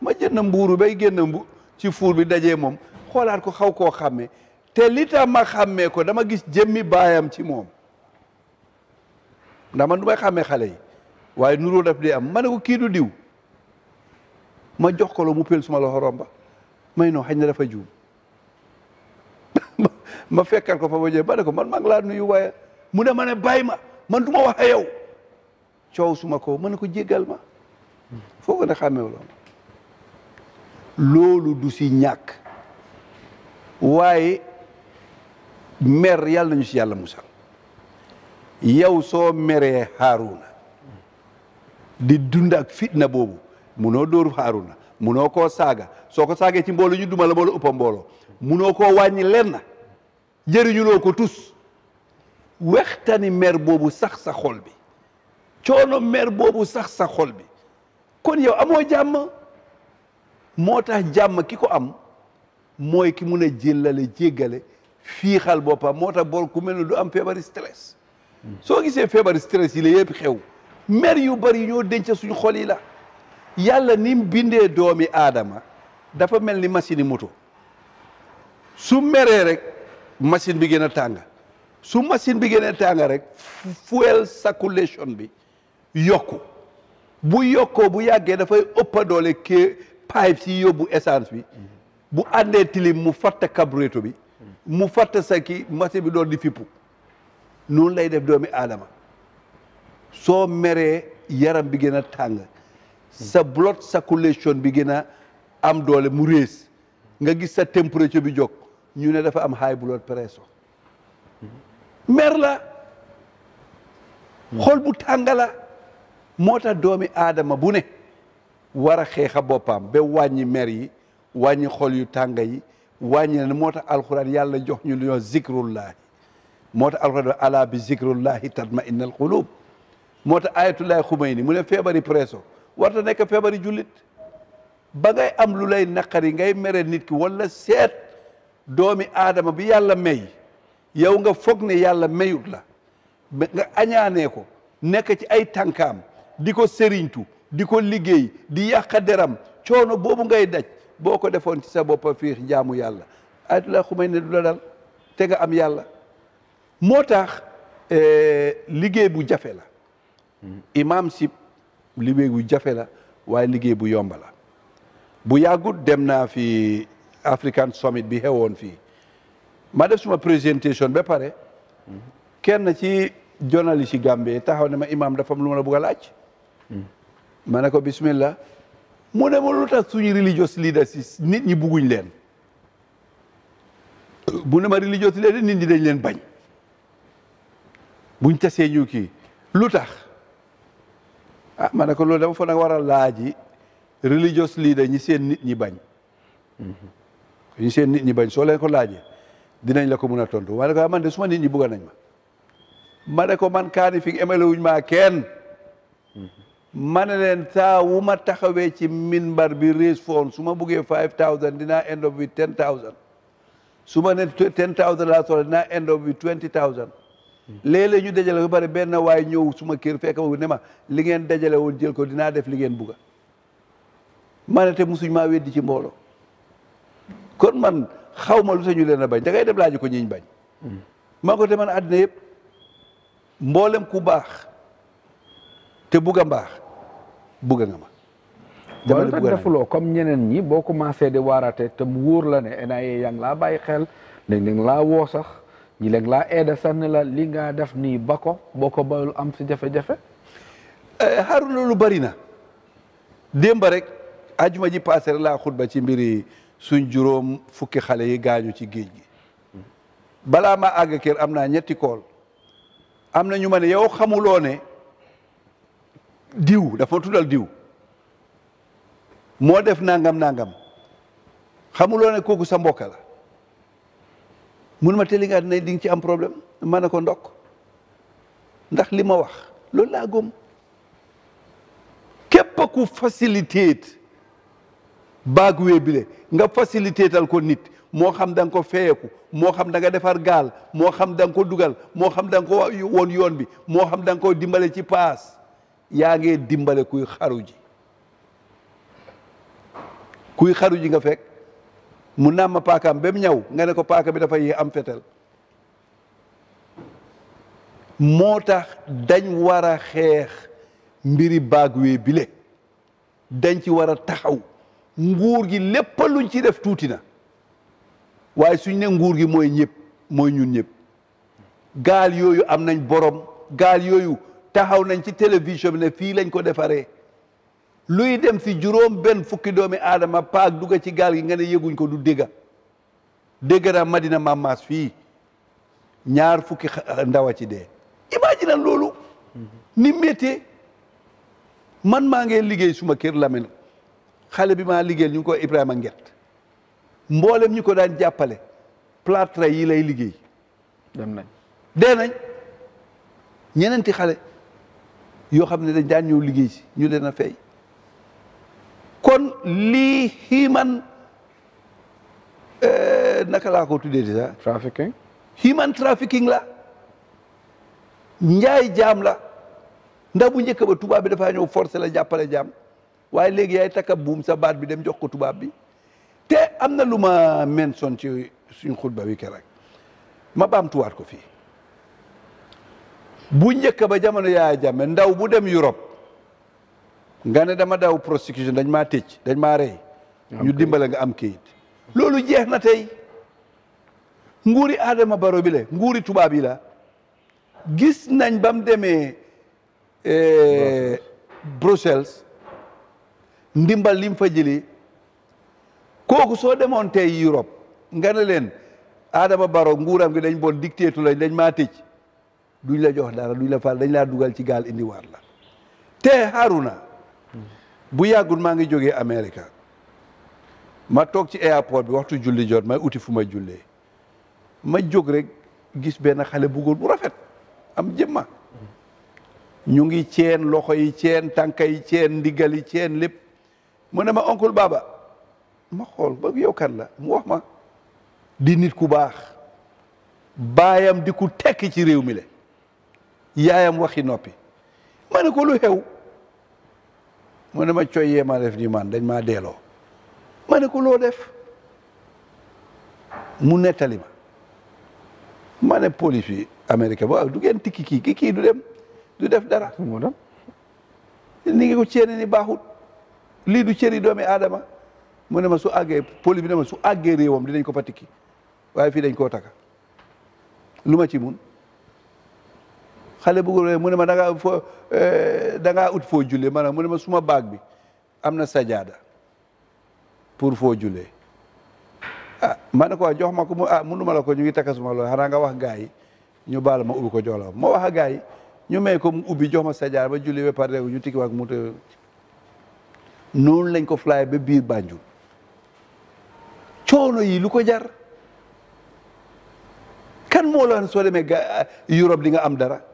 Speaker 2: ma na mbuuru bay génn mbu ci fuur bi dajee moom xoolaat ko xaw koo xàmmee te li tax ma xàmmee ko dama gis jëmmi baayam ci moom ndax man du xàmmee xale yi waaye nuroo daf di am ma ne ko kii du diw ma jox ko la mu pel suma la xoromba may noo xañ na dafa juum ma fekkal ko fa ma jël ba ne ko man maa laa nuyu waaye mu ne ma ne baay ma man du ma wax yow coow suma ko ma ne ko jéggal ma foo ko ne xàmmeewuloon loolu du si ñàkk waaye mer yàlla nañu si yàlla musal yow soo meree Haaruna di dund ak na boobu munoo dóoru Haaruna munoo koo saaga soo ko saagee ci mbooloo ñu duma la mbooloo ëppa mbooloo munoo koo wàññi lenn jëriñuloo ko tus wextani mer boobu sax sa xol bi coono mer boobu sax sa xol bi kon yow amoo jàmm moo tax jàmm ki ko am mooy ki mun a jëllale fii fiixal boppam moo tax bool ku mel ne du am feebari stress soo gisee feebari stress yi la yëpp xew mer yu bari ñoo denc suñu xol yi la yàlla ni bindee doomi aadama dafa mel ni machine moto su meree rek machine bi gën a tàng su machine bi gën a tàng rek fuel circulation bi yokku bu yokkoo bu yàggee dafay ëppa doole ke pipe si yóbbu essence bi bu àndee tilim mu fàtte carburétor bi mu fàtte sa ki machine bi doon di fippu noonu lay def doomi aadama soo meree yaram bi gën a tàng sa blood circulation bi gën a am doole mu rées nga gis sa température bi jóg ñu ne dafa am high blood pressure mer la hmm. xol bu tàng moo tax doomi aadama bu ne wara xexa bopam be wañi mer yi wañi xol yu tanga yi wañi leen moo yàlla jox ñu lu zikrullah mota alquran ala bi zikrullah tatma innal qulub moo tax ayatullahi xumayni mu ne feebari presso warta nek feebari julit ba ngay am lu lay naqari ngay mere nit ki wala set domi adam bi yàlla may yow nga foog ne yàlla mayut la nga añané ko nek ci ay tankam diko serigne sëriñtu di ko liggéey di yàq deram coono boobu ngay daj boo ko defoon ci sa boppa fiix jaamu yàlla ayatullah xumay ne du la dal te nga am yàlla moo tax eh, liggéey bu jafe la imaam sib liggéey bu jafe la waaye liggéey bu yomba la bu yàggut dem naa fi African Summit bi xewoon fii ma def suma présentation ba pare kenn ci journaliste yi Gambie taxaw ne ma imaam dafa am lu ma la bëgg a laaj ma ne ko bismillah mu ne ma lu tax suñu religious leaders nit ñi bugguñ leen bu ne ma religious leaders nit ñi dañ leen bañ buñ tasee ñu kii lu tax ah ma ne ko loolu dama fa nag war a laaji religious leader ñi seen nit ñi bañ ñi seen nit ñi bañ soo leen ko laajee dinañ la ko mun a tontu ma ne ah, man de suma nit ñi bugga nañ ma ma ne ko man kaani fi emelewuñ maa kenn ma ne leen saa wu ma taxawee ci min mbar bi raise fund su ma buggee five thousand dinaa end up with ten thousand su ma ne ten thousand laa soxla dinaa end up with twenty thousand léeg-léeg ñu dajale ba pare benn waaye ñëw suma kër fekk ma ne ma li ngeen dajale woon jël ko dinaa def li ngeen bugga ma ne te musuñ maa weddi ci mbooloo kon man xaw ma lu tax ñu leen a bañ da def dem laaj ko ñiñ bañ mm. maa ko te man àddina yëpp mboolem ku baax te bu a bu bugg dama
Speaker 1: ne bugg a comme ñeneen ñi boo commencé di waarate te mu woor la ne NIA yang ngi laa bàyyi xel léeg-léeg la wo sax ñi léeg la aide san la li nga def ni bako boko bayul am jafé jafé euh xaaru lu bari na demba
Speaker 2: rek aljuma ji passer la khutba ci mbiri suñ juróom fukki xalé yi gañu ci geej gi bala ma ag keer amna ñetti kol amna ñu ma yow xamuloo diw dafa tuddal diw moo def nangam nangam xamuloo ne kooku sa mbokk la mun ma teli ngaa dinañ di nga ci am problème ma ne ko ndokk ndax lima wax loolu laa gëm képp ku facilitate baaguwee bile nga facilitatal ko nit moo xam da ko feeku moo xam da nga defar gaal moo xam dang ko dugal moo xam da ko woon yoon bi moo xam dang nga ko dimbale ci paas yaa ngee dimbale kuy xaru ji kuy xaruji nga fekk mu nàmm paakaam ba mu ñaw nga ne ko paaka bi dafa yee am fetel moo tax dañ war a xeex mbiri baag wee bile dañ ci war a taxaw nguur gi lépp ci def tuuti na waaye suñ ne nguur gi mooy ñëpp mooy ñun ñëpp gaal yooyu am nañ boroom gaal yooyu taxaw nañ ci télévision bi ne fii lañ ko defaree luy dem fi juróom benn fukki doomi aadama paak dugga ci gaal gi nga ne yëguñ ko du dégga dégga na Madina Mammas fii ñaar fukki euh, ndawa ci dee imagine loolu ni méttee man maa ngee liggéey suma kër Lamin xale bi ma liggéey ñu ko Ibrahima Nget mboolem ñu ko daan jàppale plâtre yi lay liggéey dem nañ dee nañ xale yoo xam ne dañ daan ñëw liggéey si ñu leen a fey kon lii human euh, naka laa ko tuddee déjà trafficking human trafficking la njaay jaam la ndax bu njëkk ba tubaab bi dafaa ñëw forcé la jàppale jaam waaye léegi yaay takka buum sa baat bi dem jox ko tubaab bi te am na lu ma mention ci suñ xutba bi keroog ma baamtuwaat ko fii bu njëkk ba jamono yaaya jàmme ndaw bu dem Europe nga ne dama daw prostitution dañ maa tëj dañ maa rey ñu dimbale nga am kayit loolu jeex na tey nguuri Adama Baro bi le nguuri tubaab yi la gis nañ bam demee eh, Bruxelles ndimbal li fa jili kooku soo demoon tey Europe nga ne leen Adama Baro nguuram gi dañ bon dictateur lañ dañ maa tëj duñ la jox dara duñ la faal dañ laa dugal ci gaal indiwaat la te Haruna bu yàggul maa ngi jógee amerika ma toog ci airport bi waxtu julli jot may uti fu ma jullee ma jóg rek gis benn xale bu góor bu rafet am jëmma ñu ngi ceen loxo yi ceen tànka yi ceen ndiggal yi ceen lépp mu ne ma oncle Baba ma xool ba yow kan la mu wax ma di nit ku baax baayam di ku tekk ci réew mi le yaayam waxi noppi ma ko lu xew mu ne ma coy yee ma def ni man dañ maa deeloo ma ko loo def mu nettali ma ma ne police bi américain ba du ngeen tikki kii kii du dem du def dara ni ngi ko ceene ni baaxut lii du cëri doomi aadama mu ne ma su àggee police bi ne ma su àggee réewam dinañ ko fa tikki waaye fii dañ koo taka lu ma ci mun xale bu góor mu ne ma danga ngaa foo da ngaa ut foo jullee maanaam mu ne ma suma baag bi am na sajaada pour foo jullee ah ma ne ko waa ah, jox ma ko mu ah mënu la ko ñu ngi takka suma loolu xanaa nga wax gaa yi ñu baal ma ubbi ko jox yi ñu may ko mu ubbi jox ma sajaada ma julli ba pare ñu tikki waak mu te noonu lañ ko fly ba biir Banjul coono yi lu ko jar kan moo la soo demee ga Europe di nga am dara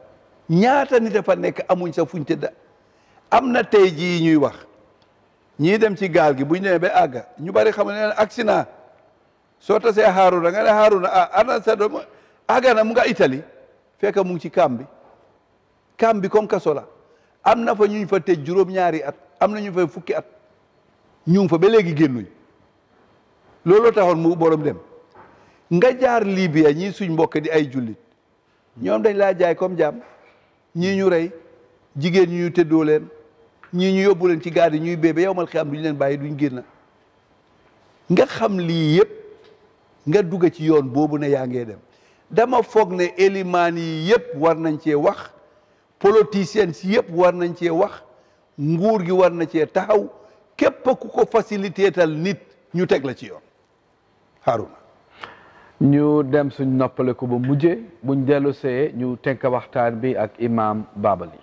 Speaker 2: ñaata nit a fa nekk amuñ sa fuñ tëdda am na tey jii ñuy wax ñii dem ci gaal gi bu ñu demee ba àgg ñu bari xam ne accident soo tasee Haruna nga ne Haruna ah ana sa doom àgg na mu nga Italie fekk mu ci kàmb bi kàmb bi comme kaso la am na fa ñu fa tëj juróom-ñaari at am na ñu fa fukki at ñu ngi fa ba léegi génnuñ looloo taxoon mu borom dem nga jaar Libya ñii suñ mbokk di ay jullit ñoom dañ laa jaay kom jàmm. ñii ñu rey jigéen ñi ñu tëddoo leen ñii ñu yóbbu leen ci gaar yi ñuy bébé yow mal xiyaam duñ leen bàyyi duñ génn nga xam lii yëpp nga dugg ci yoon boobu ne yaa ngee dem dama foog ne élimaan yi yëpp war nañ cee wax politiciens si yëpp war nañ cee wax nguur gi war na cee taxaw képp ku ko facilitétal nit ñu teg la ci yoon
Speaker 1: ñu dem suñ ko ba mujje buñ dellu see ñu tënk waxtaan bi ak imaam Babali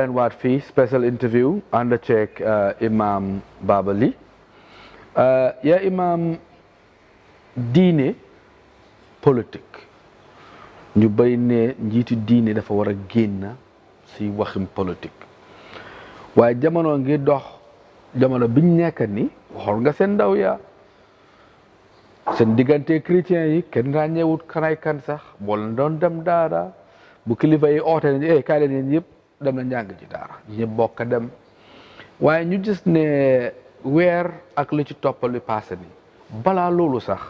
Speaker 1: Land Wadfi special interview undercheck uh, Imam Babali. Uh, ya Imam dine politik. ñu bay ne njiitu diine dafa wara genn ci waxim politik. waaye jamono ngi dox jamono biñu nekk ni waxoon nga sen ndaw ya. Sen diggante chrétien yi kenn ràññeewut kanay kan sax bol ndon dem dara bu kilifa yi oté ni eh kaay leen dem na njàng ci daara ñëpp bokk dem waaye ñu gis ne weer ak li ci toppal li paase ni balaa loolu sax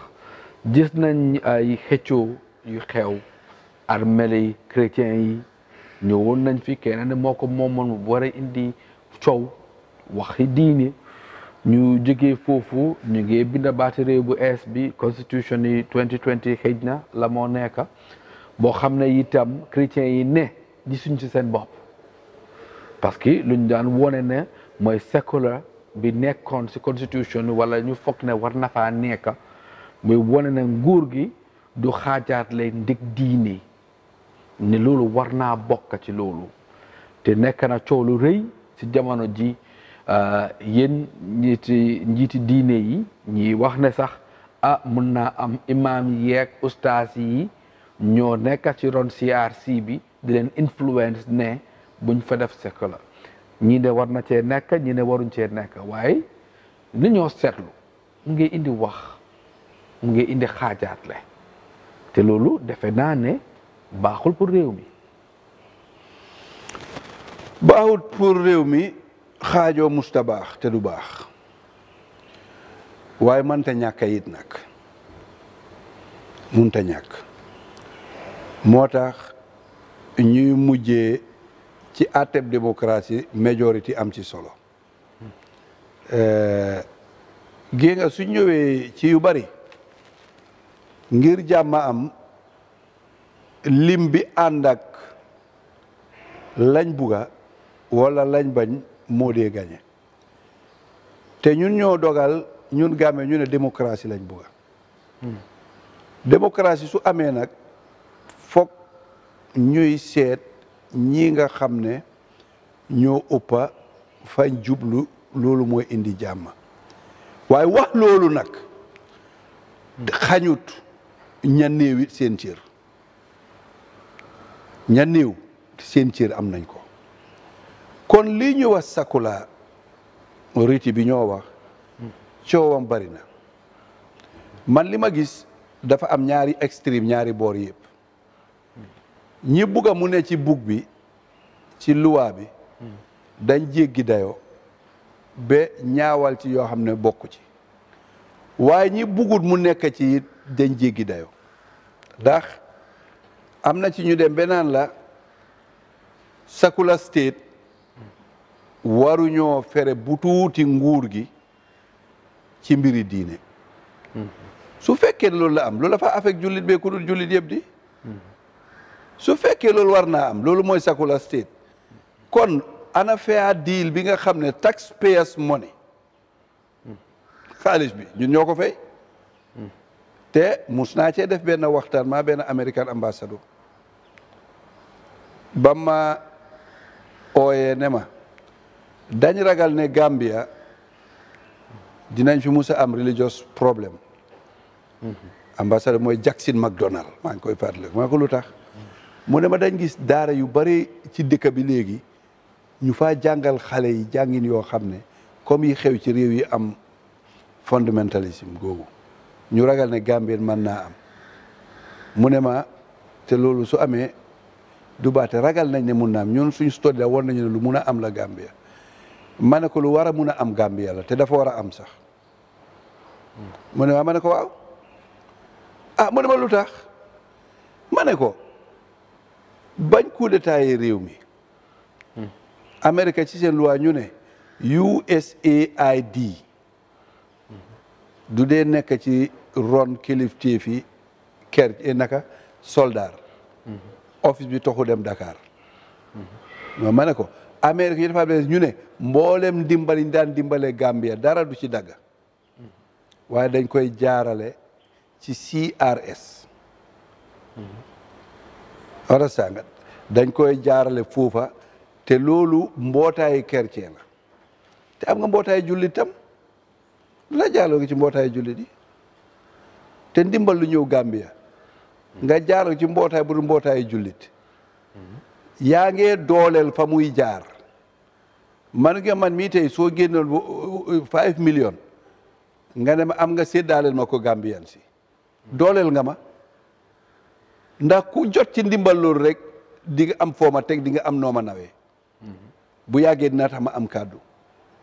Speaker 1: gis nañ ay xëccoo yu xew armel yi chrétiens yi ñëwoon nañ fi keneen ne moo ko moomoon bu war indi coow waxi diine ñu jógee foofu ñu ngi binda baati réew bu ees bi constitution yi 2020 xëj na la moo nekk boo xam ne itam chrétiens yi ne gisuñ ci seen bopp parce que lu ñu daan wone ne mooy secular bi nekkoon si constitution wala ñu foog ne war na faa nekk muy wone ne nguur gi du xaajaat lay ndig diine ne loolu war naa bokk ci loolu te nekk na coolu lu rëy si jamono ji euh, yéen njiiti diine yi ñii wax ne sax a ah, mun na am imaam yeeg ustaas yi ñoo nekk ci ron CRC bi di leen influence ne buñ fa def sekk la ñii de war na cee nekk ñii ne waruñ cee nekk waaye li ñoo seetlu mu ngi indi wax mu ngi indi xaajaatle te loolu defe naa ne baaxul pour réew mi
Speaker 2: baaxul pour réew mi xaajoo musta baax te du baax waaye mënta ñàkk it nag mënta ñàkk moo tax ñuy mujjee ci àtteb démocratie majorité am ci solo eh, gée nga su ñëwee ci yu bari ngir jàmm am lim bi ànd ak lañ buga wala lañ bañ moo dee gañe te ñun ñoo dogal ñun gàmme ñu ne démocratie lañ buga hmm. démocratie su amee nag foog ñuy seet ñii nga xam ne ñoo ëppa fañ jublu loolu mooy indi jàmm waaye wax loolu nag xañut ña néew it seen cër ña néew seen cër am nañ ko kon lii ñu wax sakula riti bi ñoo wax coowam bari na man li ma gis dafa am ñaari extrême ñaari boor yëpp ñi bugga mu ne ci bug bi ci luwaa bi hmm. dañ jéggi dayoo ba ñaawal ci yoo xam ne bokk ci waaye ñi bugut mu nekk ci it dañ jéggi dayoo ndax am na ci ñu dem benaan la secular state waruñoo fere bu tuuti nguur gi ci mbiri diine hmm. su fekkee loolu la am loolu dafa affect jullit bee ku dul jullit yëpp di hmm. su fekkee loolu war naa am loolu mooy sakula state kon ana fair deal bi nga xam ne taxpayers money xaalis bi ñun ñoo ko fay te mus naa cee def benn waxtaan maa benn American ambassador bam ma ooyee ne ma dañ ragal ne Gambia dinañ fi mus a am religious problème mm-hmm. ambassador mooy Jackson McDonald maa ngi koy fàttaliku maa ko lu tax mu ne ma dañ gis daara yu bari ci dëkk bi léegi ñu fa jangal xalé yi jangine yo comme yi xew ci réew yi am fundamentalism googu ñu ragal ne Gambien man na am mu ne ma te lolu su amé du baté ragal nañ ne mën na am ñun suñu study la war nañu lu mëna am la Gambia mané ko lu wara a am Gambia la te dafa wara am sax ma mané ko waaw ah mu ne ma lutax mané ko bañ coup d'état yi réew mi amérique ci seen loi ñu ne USAID du dee nekk ci ron kilifteef yi ker eh, naka soldat office bi toxu dem Dakar ma ma ne ko Amérique yi dafa am ñu ne mboolem dimbali ñu daan dimbale Gambia dara du ci dagg waaye dañ koy jaarale ci CRS understand nga dañ koy jaarale foofa te loolu mbootaayu chrétien la te am nga mbootaayu jullit tam la jaarale ko ci mbootaayu jullit yi te ndimbal lu ñëw Gambia nga jaarale ci mbootaay bu dul mbootaayu jullit yaa ngee dooleel fa muy jaar man nga man mii tey soo génnoon five million nga ne ma am nga séddaaleel ma ko Gambian si dooleel nga ma ndax ku jot ci ndimbal loolu rek di am foo ma teg di nga am noo ma nawee mhm. bu yàggee dina tax ma am kàddu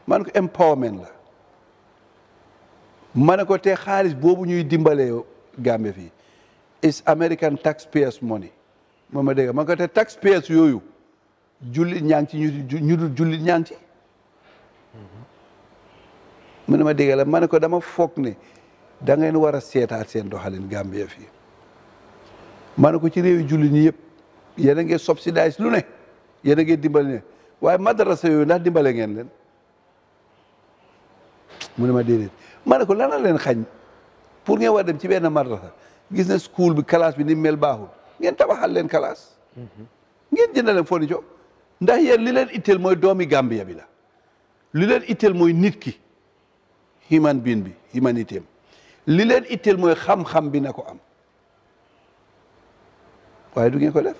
Speaker 2: man ko empowerment la ma ne ko te xaalis boobu ñuy dimbalee Gambie fii is American taxpayers money ma dégg man ko yooyu jullit ñaa ngi ci mhm. ne ma dégg la ma ne ko dama foog ne da ngeen war a seetaat seen doxalin Gambie fii ma ko ci réewi jullit ñi yëpp yéen a ngi lu ne yéen a dimbal ne waaye madarasa yooyu ndax dimbale ngeen leen mu ne ma déedéet ma ne ko lan la leen xañ pour ngeen war dem ci benn madrasa gis ne school bi classe bi ni mel baaxul ngeen tabaxal leen classe ngeen jënd leen fourniture ndax yéen li leen itteel mooy doomi Gambia bi la li leen itteel mooy nit ki human being bi humanité li leen ittel mooy xam-xam bi na ko am waaye du ngeen ko def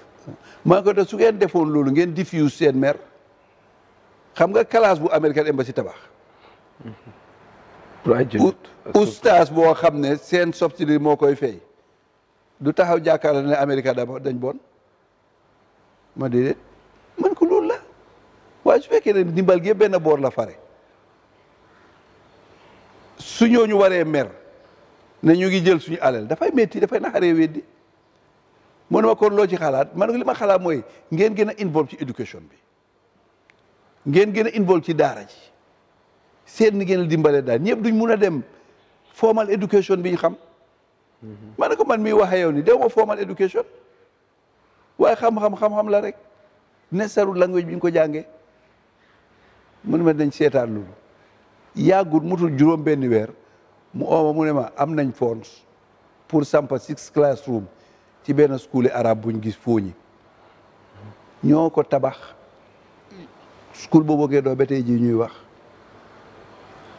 Speaker 2: maa ko def su ngeen defoon loolu ngeen diffuse seen mer xam nga kalaas bu American Embassy tabax ustaas boo xam ne seen subsidy moo koy fay du taxaw jàkkaarloo ne Amérique dañ bon ma déedéet man ko loolu la waaye su fekkee ne ndimbal gi benn boor la fare su ñooñu waree mer ne ñu ngi jël suñu alal dafay métti dafay naxaree weddi mu ne ma kon loo ci xalaat man li ma xalaat mooy ngeen gën a involve ci éducation bi ngeen gën a involve ci daara ji seet ni ngeen dimbale daal ñëpp duñ mun a dem formal education biñ xam mhm. ma ne ko man mi waxee yow ni dew ma formal education waaye xam-xam xam la rek necessary language biñ ko jàngee mu ne ma dañ seetaan loolu yàggul mutul juróom benn weer mu ooma mu ne ma am nañ fonds pour sampa six classroom ci benn school arabe buñ gis fooñi ñoo ko tabax school boobu gee doo ba tey jii ñuy wax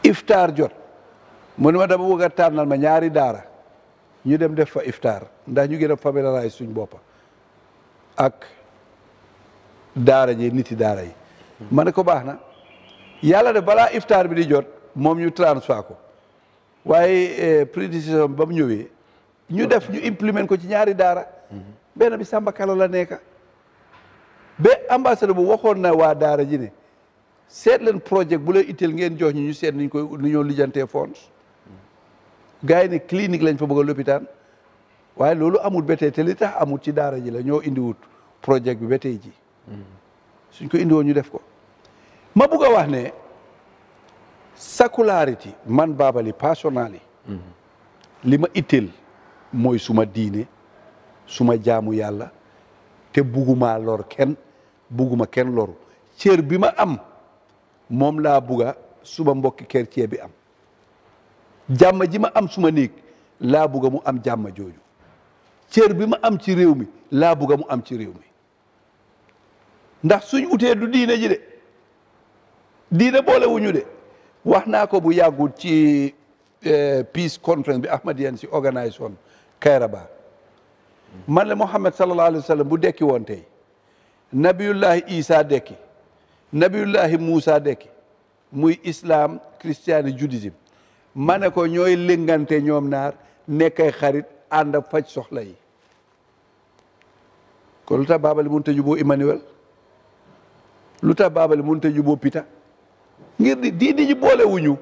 Speaker 2: iftaar jot mu ne ma dama bëgg a tànnal ma ñaari daara ñu dem def fa iftaar ndax ñu gën a familiariser suñ boppa ak daara ji niti daara yi ma ne ko baax na yàlla de balaa iftaar bi di jot moom ñu transfert ko waaye eh, prédécision ba mu ñëwee ñu def ñu implément ko ci ñaari daara benn bi Samba Kala la nekka ba ambassadeur bu waxoon na waa daara ji ne seet leen projet bu leen itteel ngeen jox ñu ñu seet niñ koy nu ñoo lijjantee fonds gars yi ne clinique lañ fa bëgg a lopitaan waaye loolu amul ba tey li tax amul ci daara ji la ñoo indiwut projet bi ba tey ji suñ ko indiwoo ñu def ko ma bëgg a wax ne secularity man baabali personnel li ma itteel mooy suma diine suma jaamu yàlla te bugguma lor kenn bugguma kenn loru cër bi ma am moom laa bugga suma mbokki quartier bi am jàmm ji ma am suma néeg laa bugga mu am jàmm jooju cër bi ma am ci réew mi laa bugga mu am ci réew mi ndax suñ utee du diine ji de diine boole wuñu de wax naa ko bu yàggul ci eh, peace conference bi Ahmadiyan si organisation kayra ba man la Muhammad sallallahu alayhi wa sallam bu dekki woon tey nabiyullahi isa dekki nabiyullahi Moussa dekki muy islam christiani judaisme ma ne ko ñooy lëngante ñoom naar nekkay xarit ànd ak faj soxla yi kon lu tax baabali mënut a juboo Emmanuel lu tax baabali mënut a juboo Pita ngir di diini ji boolewuñu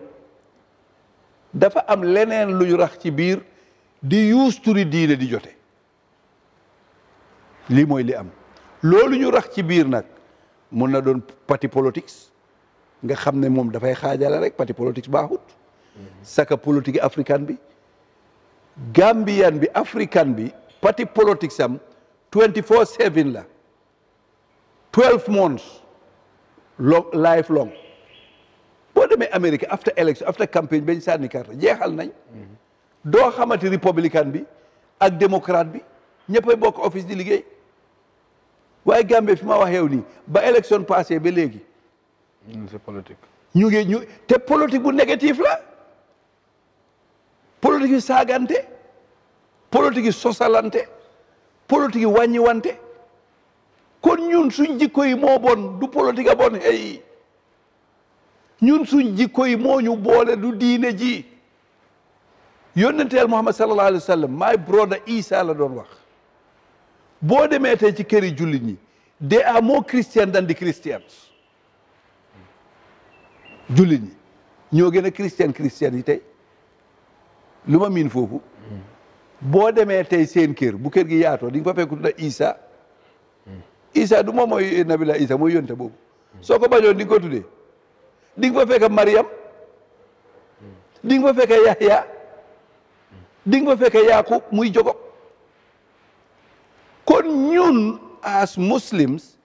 Speaker 2: dafa am leneen luñ rax ci biir di yuus di diine di jote lii mooy li am loolu ñu rax ci biir nag mun na doon parti politique nga xam ne moom dafay xaajale rek parti politique baaxut saka politique africaine bi gambiyan bi africaine bi parti politique sam 24 7 la 12 months long life long boo demee Amérique after election after campagne bañ sànni jeexal nañ doo xamati républicain bi ak démocrate bi ñëppay bokk office di liggéey waaye Gambie fi ma waxew yow nii ba élection passé ba léegi. c'est ñu ngi ñu te politique bu négatif la politique yu saagante politique yu sosalante politique yu wàññiwante kon ñun suñ jikko yi moo bon du politique a bon hey ñun suñ jikko yi moo ñu boole du diine ji. yónnenteel Muhammad sallallahu alayhi wa sallam my brother Isa la doon wax boo demee tey ci këri jullit ñi they are moo Christian than the Christians jullit ñi ñoo gën a Christian Christian yi tey lu ma miin foofu boo demee tey seen kër bu kër gi yaatoo di nga fa fekk tudda Isa Isa du moom mooy Nabila Isa mooy yónte boobu soo ko bañoon di nga ko tuddee di nga fa fekk mariyam di nga fa fekk Yahya di nga fa fekkee Yaakub muy jogo kon ñun as muslims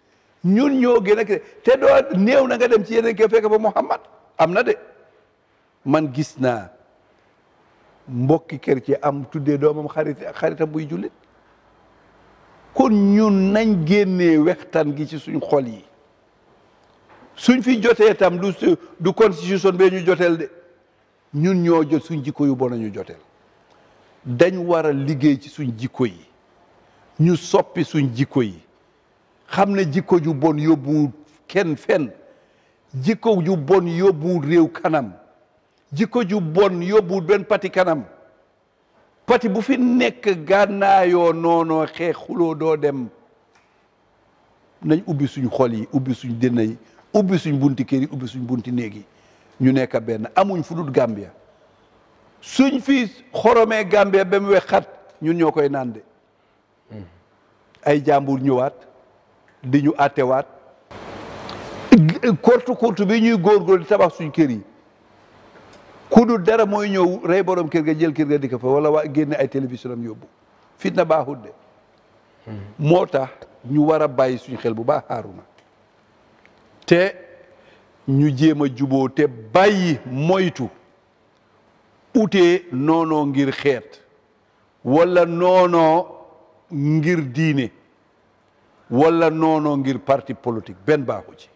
Speaker 2: ñun ñoo gën a te doo néew na nga dem ci yeneen kee fekk fa Muhammad am na de man gis naa mbokki kër ci am tuddee doomam xarit xaritam buy jullit kon ñun nañ génne wextan gi ci suñ xol yi suñ fi jotee tam du du constitution bee ñu joteel de ñun ñoo jot suñ jikko yu bon ñu joteel dañ war a liggéey ci suñ jikko yi ñu soppi suñ jikko yi xam ne jikko ju bon yóbbuwul kenn fenn jikko ju bon yóbbuwul réew kanam jikko ju bon yóbbuwul benn pati kanam pati bu fi nekk gànnaayoo noonoo xeex xuloo doo dem nañ ubbi suñ xol yi ubbi suñ dënn yi ubbi suñ bunti kër yi ubbi suñ bunti néeg yi ñu nekk benn amuñ fu dul Gambia suñ fi xorome Gambie ba mu wexat ñun ñoo koy naan de ay jàmbur ñëwaat di ñu àttewaat kortu kortu bi ñuy góorgóorlu di tabax suñ kër yi ku dara mooy ñëw rey borom kër ga jël kër ga di ko fa wala waa génne ay télévision am yóbbu fitna baaxut de moo tax ñu war a bàyyi suñ xel bu baax xaaruna te ñu jéem a juboo bàyyi moytu ute noono ngir xeet walla noono ngir diine walla noono ngir parti politique benn baaxu ci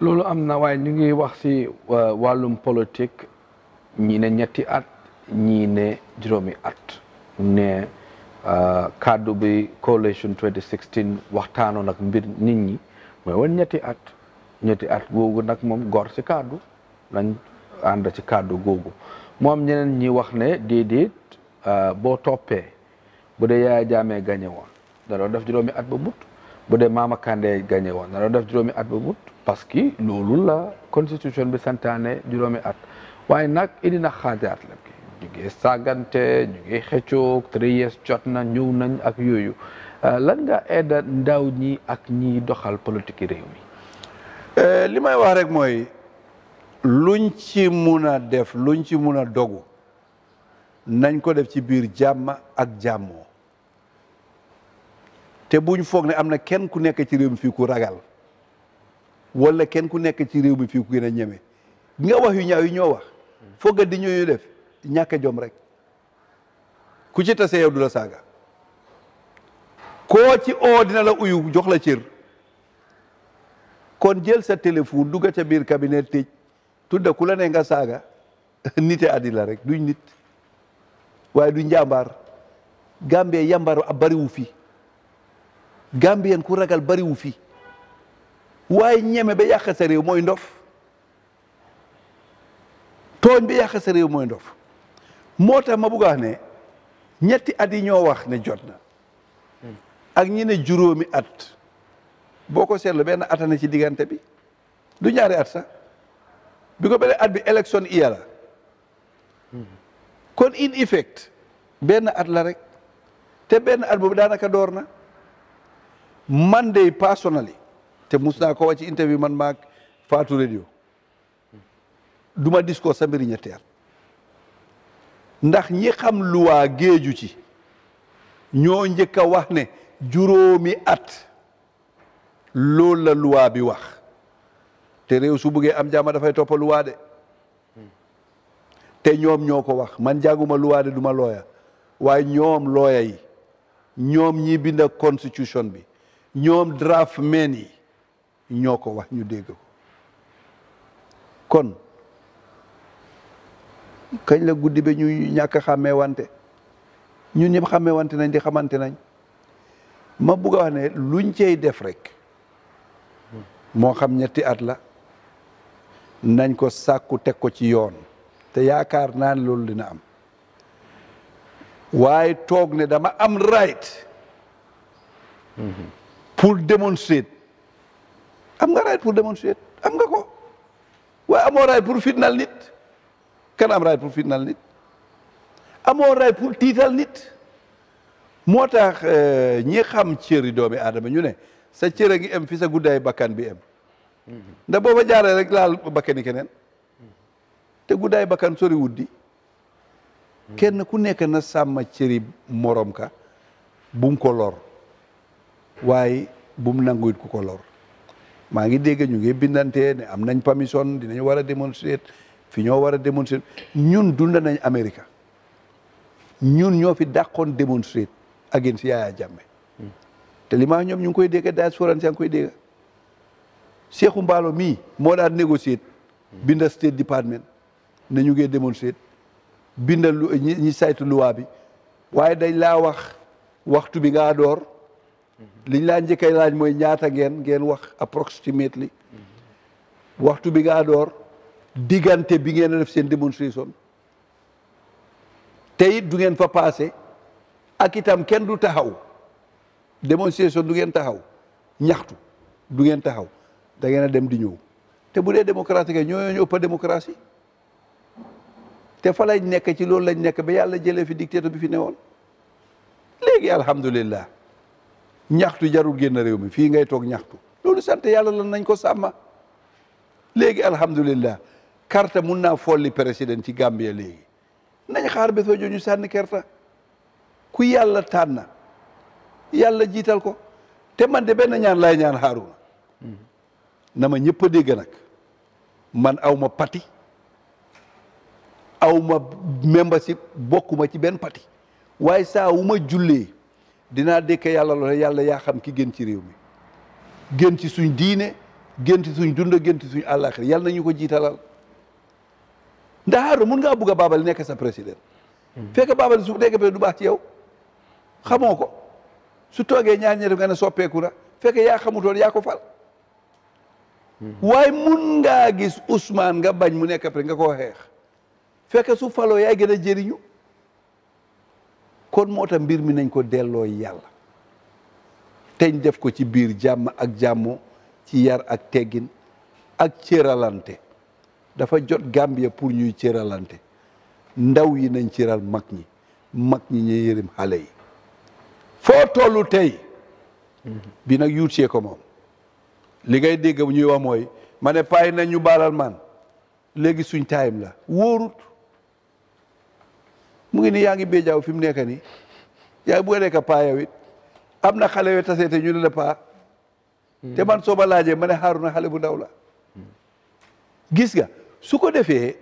Speaker 1: loolu am na waaye ñu ngi wax si wàllum politique ñii ne ñetti at ñii ne juróomi at ne euh, kàddu bi coalition 2016 waxtaanoo nag mbir nit ñi mooy woon ñetti at ñetti at googu nag moom gor si kàddu lañ ànd ci kàddu googu moom ñeneen ñi wax ne déedéet euh, boo toppee bu dee Yaya Jammeh gagné woon da def juróomi at ba but bu dee Mama Kandeh gagné woon da def juróomi at ba but parce que loolu la constitution bi santaane juróomi at waaye nag indi na xaajaat la ñu ngi saagante ñu ngi xëccoog three years jot na ñëw na ak yooyu euh, lan nga aida ndaw ñi ak ñiy doxal politique réew mi
Speaker 2: euh, li may wax rek mooy luñ ci mun a def luñ ci mun a dogu nañ ko def ci biir jàmma ak jàmmoo te buñ foog ne am na kenn ku nekk ci réew mi fii ku ragal wala kenn ku nekk ci réew mi fii ku gën a ñeme nga wax yu ñaaw ñoo wax fooga di ñooñu def ñàkk jom rek ku ci tase yow du la saaga koo ci oo dina la uyu jox la cër kon jël sa téléphone dugga ca biir cabinet tëj tudda ku la nga saaga nite addi rek duñ nit waaye du njàmbaar gambee yàmbaar a bariwu fi ku ragal bariwu fi waaye ñeme ba yàq sa mooy ndof tooñ ba yàq sa mooy ndof moo tax ma bugg ne ñetti at yi ñoo wax ne jot na ak ñi ne juróomi at boo ko seetlu benn ci diggante bi du ñaari at sax bi ko beneen at bi élection iya kon in effect benn at la rek te benn at boobu daanaka door na man dey personally te mus naa ko wax ci interview man maag Fatou Radio du ma discours sa mbiri ndax ñi xam luwaa géeju ci ñoo njëkk a wax ne juróomi at loolu la luwaa bi wax te réew su buggee am jàmm dafay toppa luwaa de te ñoom ñoo ko wax man jànguma luwaa de du ma waaye ñoom looya yi ñoom ñi bind constitution bi ñoom draft men yi ñoo ko wax ñu dégg kon kañ la guddi bi ñu ñàkk xàmmee wante ñu ñëpp xàmmee wante nañ di xamante nañ ma bugg wax ne luñ cey def rek moo xam ñetti at la nañ ko sakku teg ko ci yoon te yaakaar naa ne loolu dina am waaye toog ne dama am right pour démontrer am nga right pour démontrer am nga ko waaye amoo right pour fitnal nit kan am right pour fitnal nit amoo right pour tiital nit moo tax euh, ñi xam cëri doomi aadama ñu ne sa cër a ngi em fi sa guddaay bakkan bi em ndax booba jaaree rek laal bakkani keneen te guddaay bakkan sori wuddi kenn ku nekk na sàmm cëri morom ka bum ko lor waaye bum nanguwit ku ko lor maa ngi dégg ñu ngi bindante ne am nañ permission dinañ war a démontrer fi ñoo war a démontrer ñun dunda nañ america ñun ñoo fi dàqoon démontrer ak yéen si te li maa ñoom ñu ngi koy dégg si yaa koy dégg Cheikhou Mballo mii moo daan négocier bindal State Department ne ñu ngee démonstrer bindal lu ñi saytu luwaa bi waaye dañ laa wax waxtu bi ngaa door liñ laa njëkkay laaj mooy ñaata ngeen ngeen wax approximately waxtu bi ngaa door diggante bi ngeen def seen démonstration te it du ngeen fa passé ak itam kenn du taxaw démonstration du ngeen taxaw ñaxtu du ngeen taxaw da ngeen dem di ñew te bu dé démocratique ñoo ñoo ñu ëpp démocratie te fa lay nekk ci loolu lañ nekk ba yalla jëlé fi dictateur bi fi néwon légui alhamdulillah ñaxtu jarul na réew mi fi ngay tok ñaxtu loolu sante yalla la nañ ko sama légui alhamdulillah carte mën na folli président ci Gambia légui nañ xaar ba so ñu sànni kerta ku yalla tànn yalla jital ko te man de ben ñaan lay ñaan na ma ñëpp dégg nag man aw ma pati aw ma membership bokkuma ci benn pati waaye saa ma jullee dinaa dékk yàlla loole yàlla yaa xam ki génn ci réew mi gën ci suñ diine gën ci suñ dund gën ci suñ àllaaxira yàlla nañu ko jiitalal ndaxaaru mun ngaa bugg a baabal nekk sa président hmm. fekk baabal su nekkee du baax ci yow xamoo ko su toogee ñaar ñett nga ne soppeeku na fekk yaa xamutoon yaa ko fal waaye mun ngaa gis usmaan nga bañ mu nekk après nga koo xeex fekk su faloo yaay gën a jëriñu kon moo tax mbir mi nañ ko delloo yàlla teñ def ko ci biir jàmm ak jàmmoo ci yar ak teggin ak cëralante dafa jot Gambia pour ñuy cëralante ndaw yi nañ cëral mag ñi mag ñi ñu yërëm xale yi foo tollu tey bi nag yuutee ko moom li ngay dégg ñuy wax mooy ma ne paay nañ ñu baalal man léegi suñ taayam la wóorut mu ngi ni yaa ngi bejaaw fi mu nekk nii yaa ngi bëgg a nekk paa am na xale yoo tasee ñu ne la paa hmm. te man soo ma laajee ma ne na xale bu ndaw la hmm. gis nga su ko defee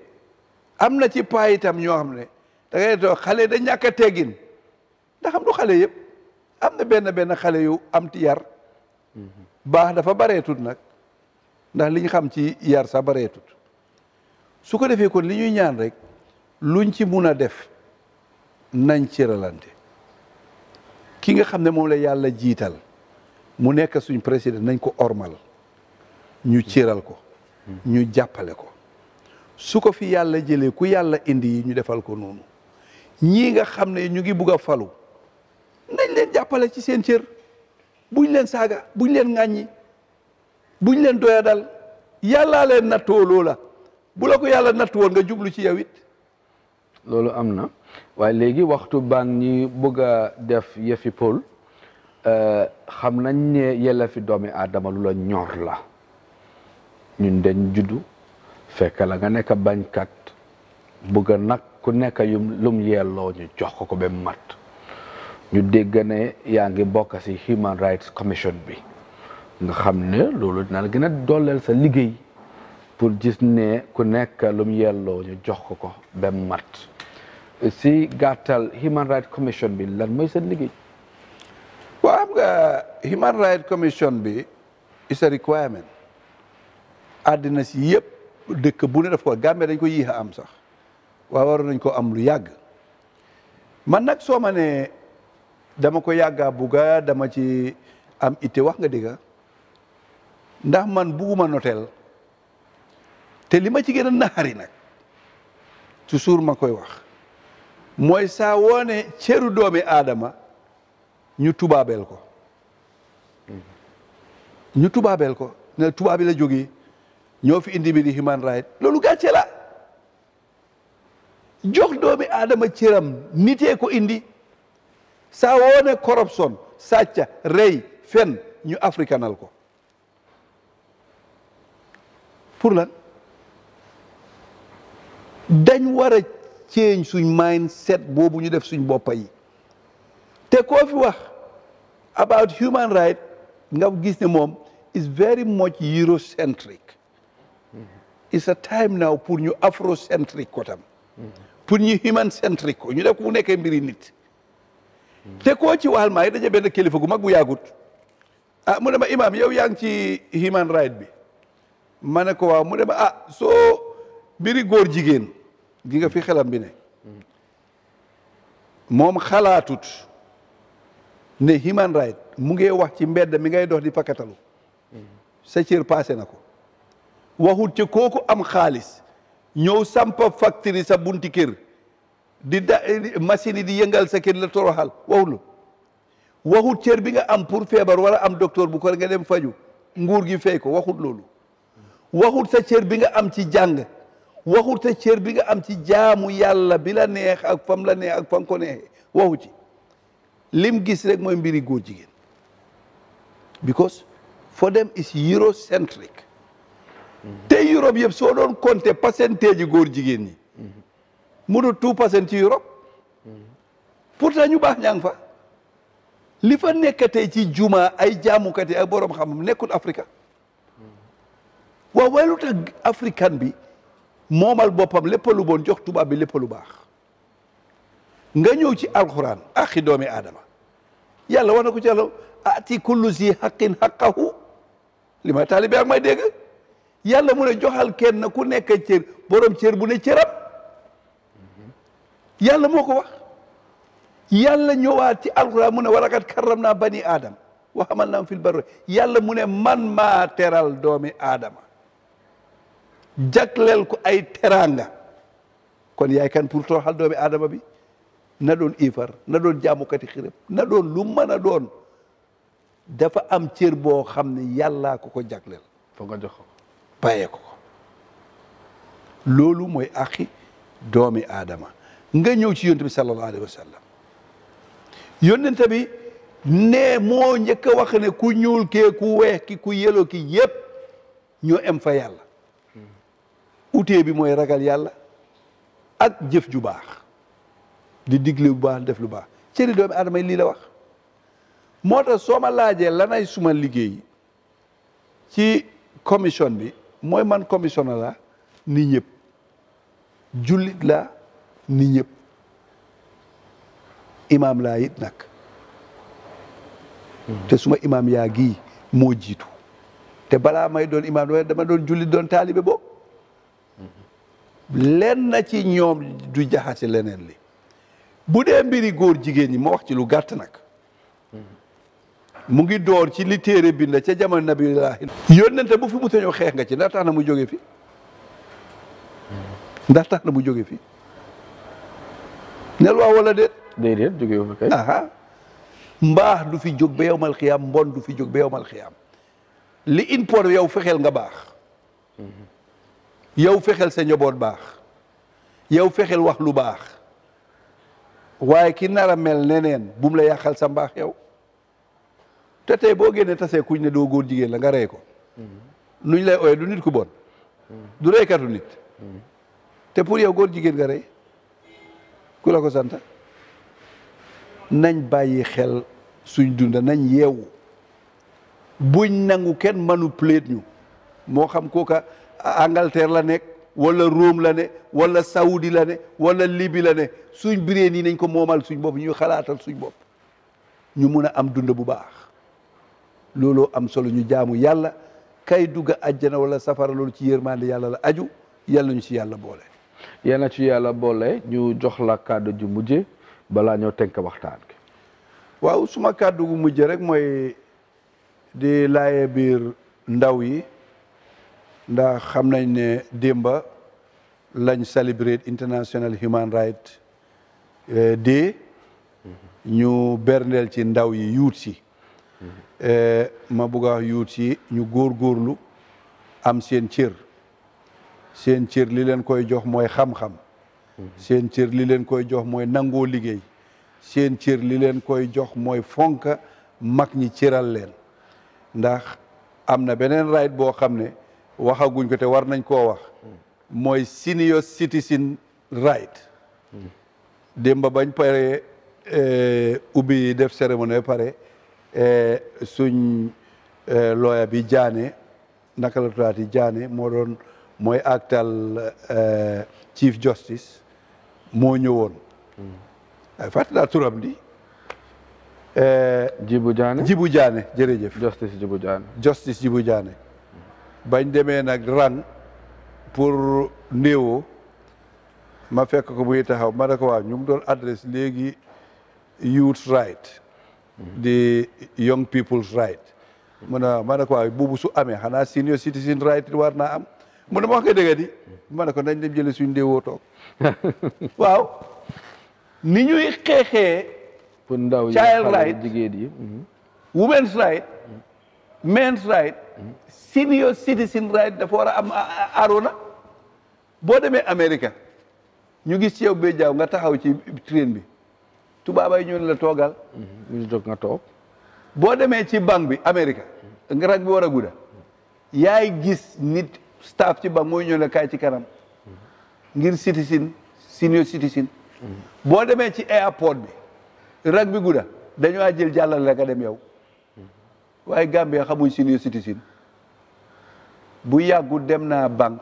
Speaker 2: am na ci paa yitam ñoo xam ne da toog xale da ñàkk a teggin ndax du xale yépp am na benn benn xale yu am ti yar hmm. baax dafa bareetut nag ndax liñ xam ci yar sa bareetut su ko defee ko li ñuy ñaan rek luñ ci mun a def nañ cëralante ki nga xam ne moom la yàlla jiital mu nekk suñ président nañ ko ormal ñu cëral ko hmm. ñu jàppale ko su ko fi yàlla jëlee ku yàlla indi yi ñu defal ko noonu ñii nga xam ne ñu ngi bugg a falu nañ leen jàppale ci seen cër buñ leen saga buñ leen ŋàññi buñ leen dal yalla leen natto lola bu la ko yalla natto won nga djublu ci yawit
Speaker 1: lolu amna legi waxtu ban ñi def yefi pol xam nañ ne yalla fi doomi adama lu la ñor la ñun dañ juddu fekk la nga bañ kat nak ku nek yum lum yello ñu jox ko be mat ñu dégg ne yaa ngi bokk ci Human Rights Commission bi nga xam ne loolu dina la gën a dooleel sa liggéey pour gis ne ku nekk lu mu yelloo ñu jox ko ko ba mat si gàttal Human Rights Commission bi lan mooy seen liggéey. waaw xam nga Human Rights Commission bi is a requirement
Speaker 2: àddina si yëpp dëkk bu ne daf ko Gambie dañ ko yéex am sax waaye waroon nañ ko am lu yàgg man nag soo dama ko yàggaa bugga dama ci am itte wax nga dëgga ah. ndax man bugguma noteel te li ma ci gën a naxari nag toujours ma koy wax mooy saa woone ceru doomi aadama ñu tubaabel ko ñu tubaabel ko ne tubaabi la jóge ñoo fi indi bi di human right loolu gàcce la jox doomi aadama cëram nitee ko indi saa woone corruption sàcca rey fen ñu africanal ko pour lan dañ war a change suñ mindset boobu ñu def suñ boppa yi te koo wax about human right nga gis ne moom is very much eurocentric it's a time now pour ñu afrocentric ko tam mm-hmm. pour ñu human centric ko ñu def ku nekkee mbiri nit te koo ci waxal maa ngi daje benn kilifa gu mag bu yaagut ah mu ne ma imaam yow yaa ngi ci human right bi ma ne ko waaw mu ne ma ah, soo mbiri góor jigéen gi nga fi xelam bi ne moom xalaatut ne human right mu ngi wax ci mbedd mi ngay dox di fakkatalu sa cër passé na ko waxut ci kooku am xaalis ñëw sampa factory sa bunti di da machine yi di yëngal sa kër la toroxal waxul waxut cër bi nga am pour feebar war am docteur bu ko nga dem faju nguur gi fay ko waxut loolu waxut sa cër bi nga am ci jàng waxut sa cer bi nga am ci jaamu yàlla bi la neex ak fam la neex ak fam ko neexee waxu ci lim gis rek mooy mbiri góor jigéen because for them is eurocentric mm-hmm. te Europe yëpp soo doon compter pourcentage yi góor jigéen ñi mu dul two percent ci Europe pourtant ñu baax ñaa ngi fa li fa nekkatee ci juma ay jaamukat yi ay borom xam nekkul Afrika waaw waaye lu bi moomal boppam lépp lu bon jox tubaab bi lépp lu baax nga ñëw ci alquran axi doomi aadama yàlla wax na ko ci yàlla ati kullu si xaqin xaqahu li ma taalibe ak may dégg yàlla mu ne joxal kenn ku nekk cër borom cër bu ne cëram yàlla moo ko wax yàlla ñëwaat ci alquran mu ne walakat naa bani aadama wa naa naam fil barre yàlla mu ne man maa teral doomi aadama jagleel ko ay teraanga kon yaay kan pour tooxal doomi aadama bi na doon ifar na doon jaamukati xirab na doon lu mën a doon dafa am cër boo xam ne yàllaa ko ko jagleel fa nga ko ko loolu mooy axi doomi aadama nga ñëw ci yonent bi sallallahu alayhi wa bi ne moo njëkk wax ne ku ñuul kee ku weex ki ku yelo ki yépp ñoo em fa yàlla utee bi mooy ragal yàlla ak jëf ju baax di digle bu baax def lu baax cëri doomi aadama yi lii la wax moo tax soo ma laajee lanay suma liggéey ci commission bi mooy man commissionnaire la ni ñëpp jullit la ni imam la yit nak te suma imam ya gi mo jitu te bala may don imam imaam dama don julli don talibe bo len na ci ñom du jaxase lenen li bu de mbiri goor jigéen ni mo wax ci lu gatt nak mu ngi door ci li téré bind ca jamono nabillahi yonenté bu fi mu teñu xex nga ci ndax tax na mu joggé fi ndax tax na mu joggé fi neel waaw wala déet. déedéet mbaax du fi jóg ba yowmal xiyaam mbon du fi jóg ba yowmal xiyaam li import yow fexeel nga baax. Mhm. yow fexeel sa njoboot baax. yow fexeel wax lu baax. waaye ki nar a mel neneen bu mu la yàqal sa mbaax yow. te tey boo génnee tasee kuñ ne doo góor jigéen la nga rey ko. nuñ mhm. lay ooyee du nit ku bon. Mhm. du reykatu nit. te pour yow góor jigéen nga rey. ku la ko sant nañ bàyyi xel suñ dunda nañ yeewu buñ nangu kenn manipulé ñu moo xam kooka Angleterre la nekk wala Rome la ne wala Saoudi la ne wala Libye la ne suñ bireen nii nañ ko moomal suñ bopp ñu xalaatal suñ bopp ñu mun a am dund bu baax looloo am solo ñu jaamu yàlla kay dugg àjjana wala safara loolu ci yërmande yàlla la aju yàlla ñu ci yàlla boole
Speaker 1: yal na ci yàlla boole ñu jox la kàddu ju mujj balaa ñoo tënk waxtaan ki
Speaker 2: waaw suma kàddu gu mujj rekk mooy di laaye biir ndaw yi ndax xam nañ ne démba lañ celebrate international human rights eh, day mm-hmm. ñu berndeel ci ndaw yi yuut si mm-hmm. eh, ma bugg yuut si ñu góor góorgóorlu am seen cër seen cër li leen koy jox mooy xam-xam mhm. seen cër li leen koy jox mooy nangoo liggéey seen cër li leen koy jox mooy fonk mag ñi ciral leen ndax am na beneen right boo xam ne waxaguñ ko te war nañ koo wax mhm. mooy senior citizen right mhm. démb bañ pare eh, ubbi def cérémonie pare eh, suñ eh, looya bi jaane naka la turaati jaane mooy actal euh, chief justice moo ñëwoon. Hmm. fàttali naa turam di. Euh, Jibu Jaane Jibu Jaane jërëjëf. justice Jibu Jaane. justice Jibu Jaane. bañ demee nag rang pour néewoo ma fekk ko muy taxaw ma ne ko waaw ñu ngi doon adresse léegi youth right. Hmm. di young people's right. mu ne ma ne ko su amee xanaa senior citizen right war naa am. mu ne ma wax ko dëgg di ma ne ko nañ dem jële suñ ndéewoo toog waaw ni ñuy xeexee ndaw child right jigéen yi women's right men's right senior citizen right dafa war a am aarona boo demee Amérique ñu gis yow bee jaaw nga taxaw ci train bi tubaabay ñu ne la toogal
Speaker 1: mm-hmm. ñu jóg
Speaker 2: nga toog boo demee ci banque bi Amérique nga rang bi war a gudda yaay gis nit staff ci banque mooy ñëw la kaay ci kanam ngir citizen senior citizen boo demee ci airport bi rag bi gudda dañoo jël jàllale la nga dem yow waaye Gambia xamuñ senior citizen bu yàggu dem naa bank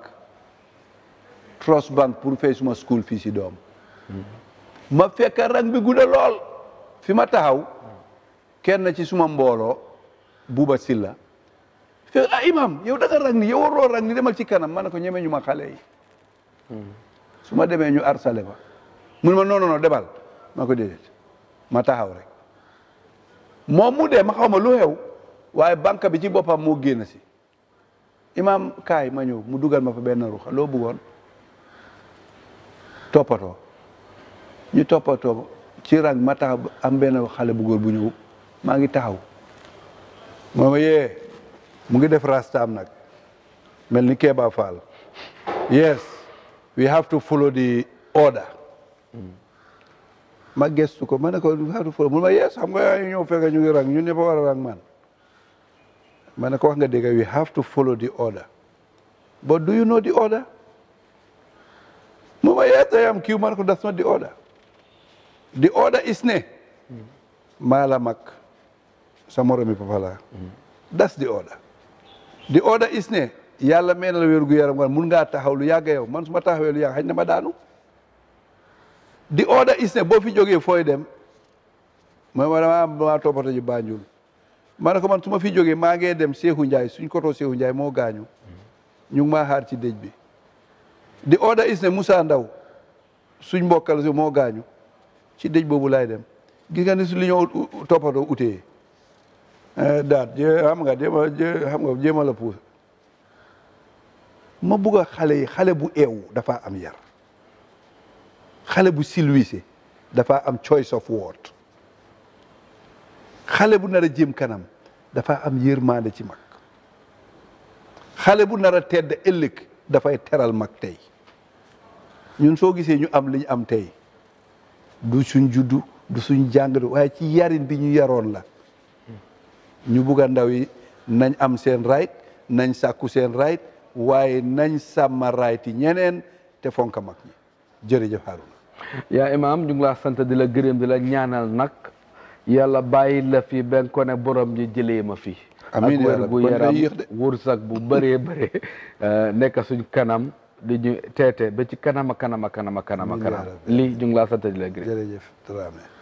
Speaker 2: Trust Bank pour fay suma school fii si doom ma fekk rang bi gudda lool fi ma taxaw kenn ci suma mbooloo Buuba Silla ah imam yow da nga rang ni yow demal ci kanam ma ne ko ñeme ñu ma xale yi su ma demee ñu arsale ba mun ma non non debal ma ko déedéet ma taxaw rek moom mu dee ma xaw ma lu xew waaye banque bi ci boppam moo génn si imam kaay ma ñëw mu dugal ma fa benn ruxa loo bëggoon toppatoo ñu toppatoo ci rang ma taxaw am benn xale bu góor bu ñëw maa ngi taxaw yee mu ngi def rastam nak melni keba Fall yes we have to follow the order ma gestu ko ma we have to follow mu ma yes xam nga yaa ñëw fekk ñu ngi rang ñu ne ba wara rang man ma ko wax nga dega we have to follow the order but do you know the order mu ma yes I am kiw ma ko that's not the order the order is ne malamak mak mi sa moromi papa la mm-hmm. that's the order di order is ne yàlla may na la wér gu yaram war mun ngaa taxaw lu yàgg yow man su ma taxawee lu yàgg xañ na ma daanu di order is ne boo fi jógee fooy dem ma ma damaa maa toppatoo ji Banjul ma ne ko man su ma fi jógee maa ngee dem Seexu Njaay suñ kotoo Seexu Njaay moo gaañu ñu ngi maa xaar ci déj bi di order is ne Moussa Ndaw suñ mbokkal moo gaañu ci déj boobu laay dem gis nga ni su li ñoo toppatoo utee Eh, daat nga jéem a xam ma bugg a xale yi xale bu eew dafa am yar xale bu silwise dafa am choice of word xale bu nar a jëm kanam dafa am yërmande ci mag xale bu nar a tedd ëllëg dafay teral mag tey ñun soo gisee ñu am li ñu am tey du suñ juddu du suñ jàng waaye ci yarin bi ñu yaroon la ñu bugg a ndaw yi nañ am seen right nañ sàkku seen right waaye nañ sàmm right yi ñeneen te fonk mag ñi jërëjëf Haruna
Speaker 1: yaa imaam ñu ngi laa sant di la gërëm di la ñaanal nag yàlla bàyyi la fi benn ko borom ji jëlee ma fi amiin ak wér gu yaram wursak bu bëree bëree eh, nekk suñ kanam di ñu teete ba ci kanam a kanam a kanam a kanam a kanam lii ñu ngi la gërëm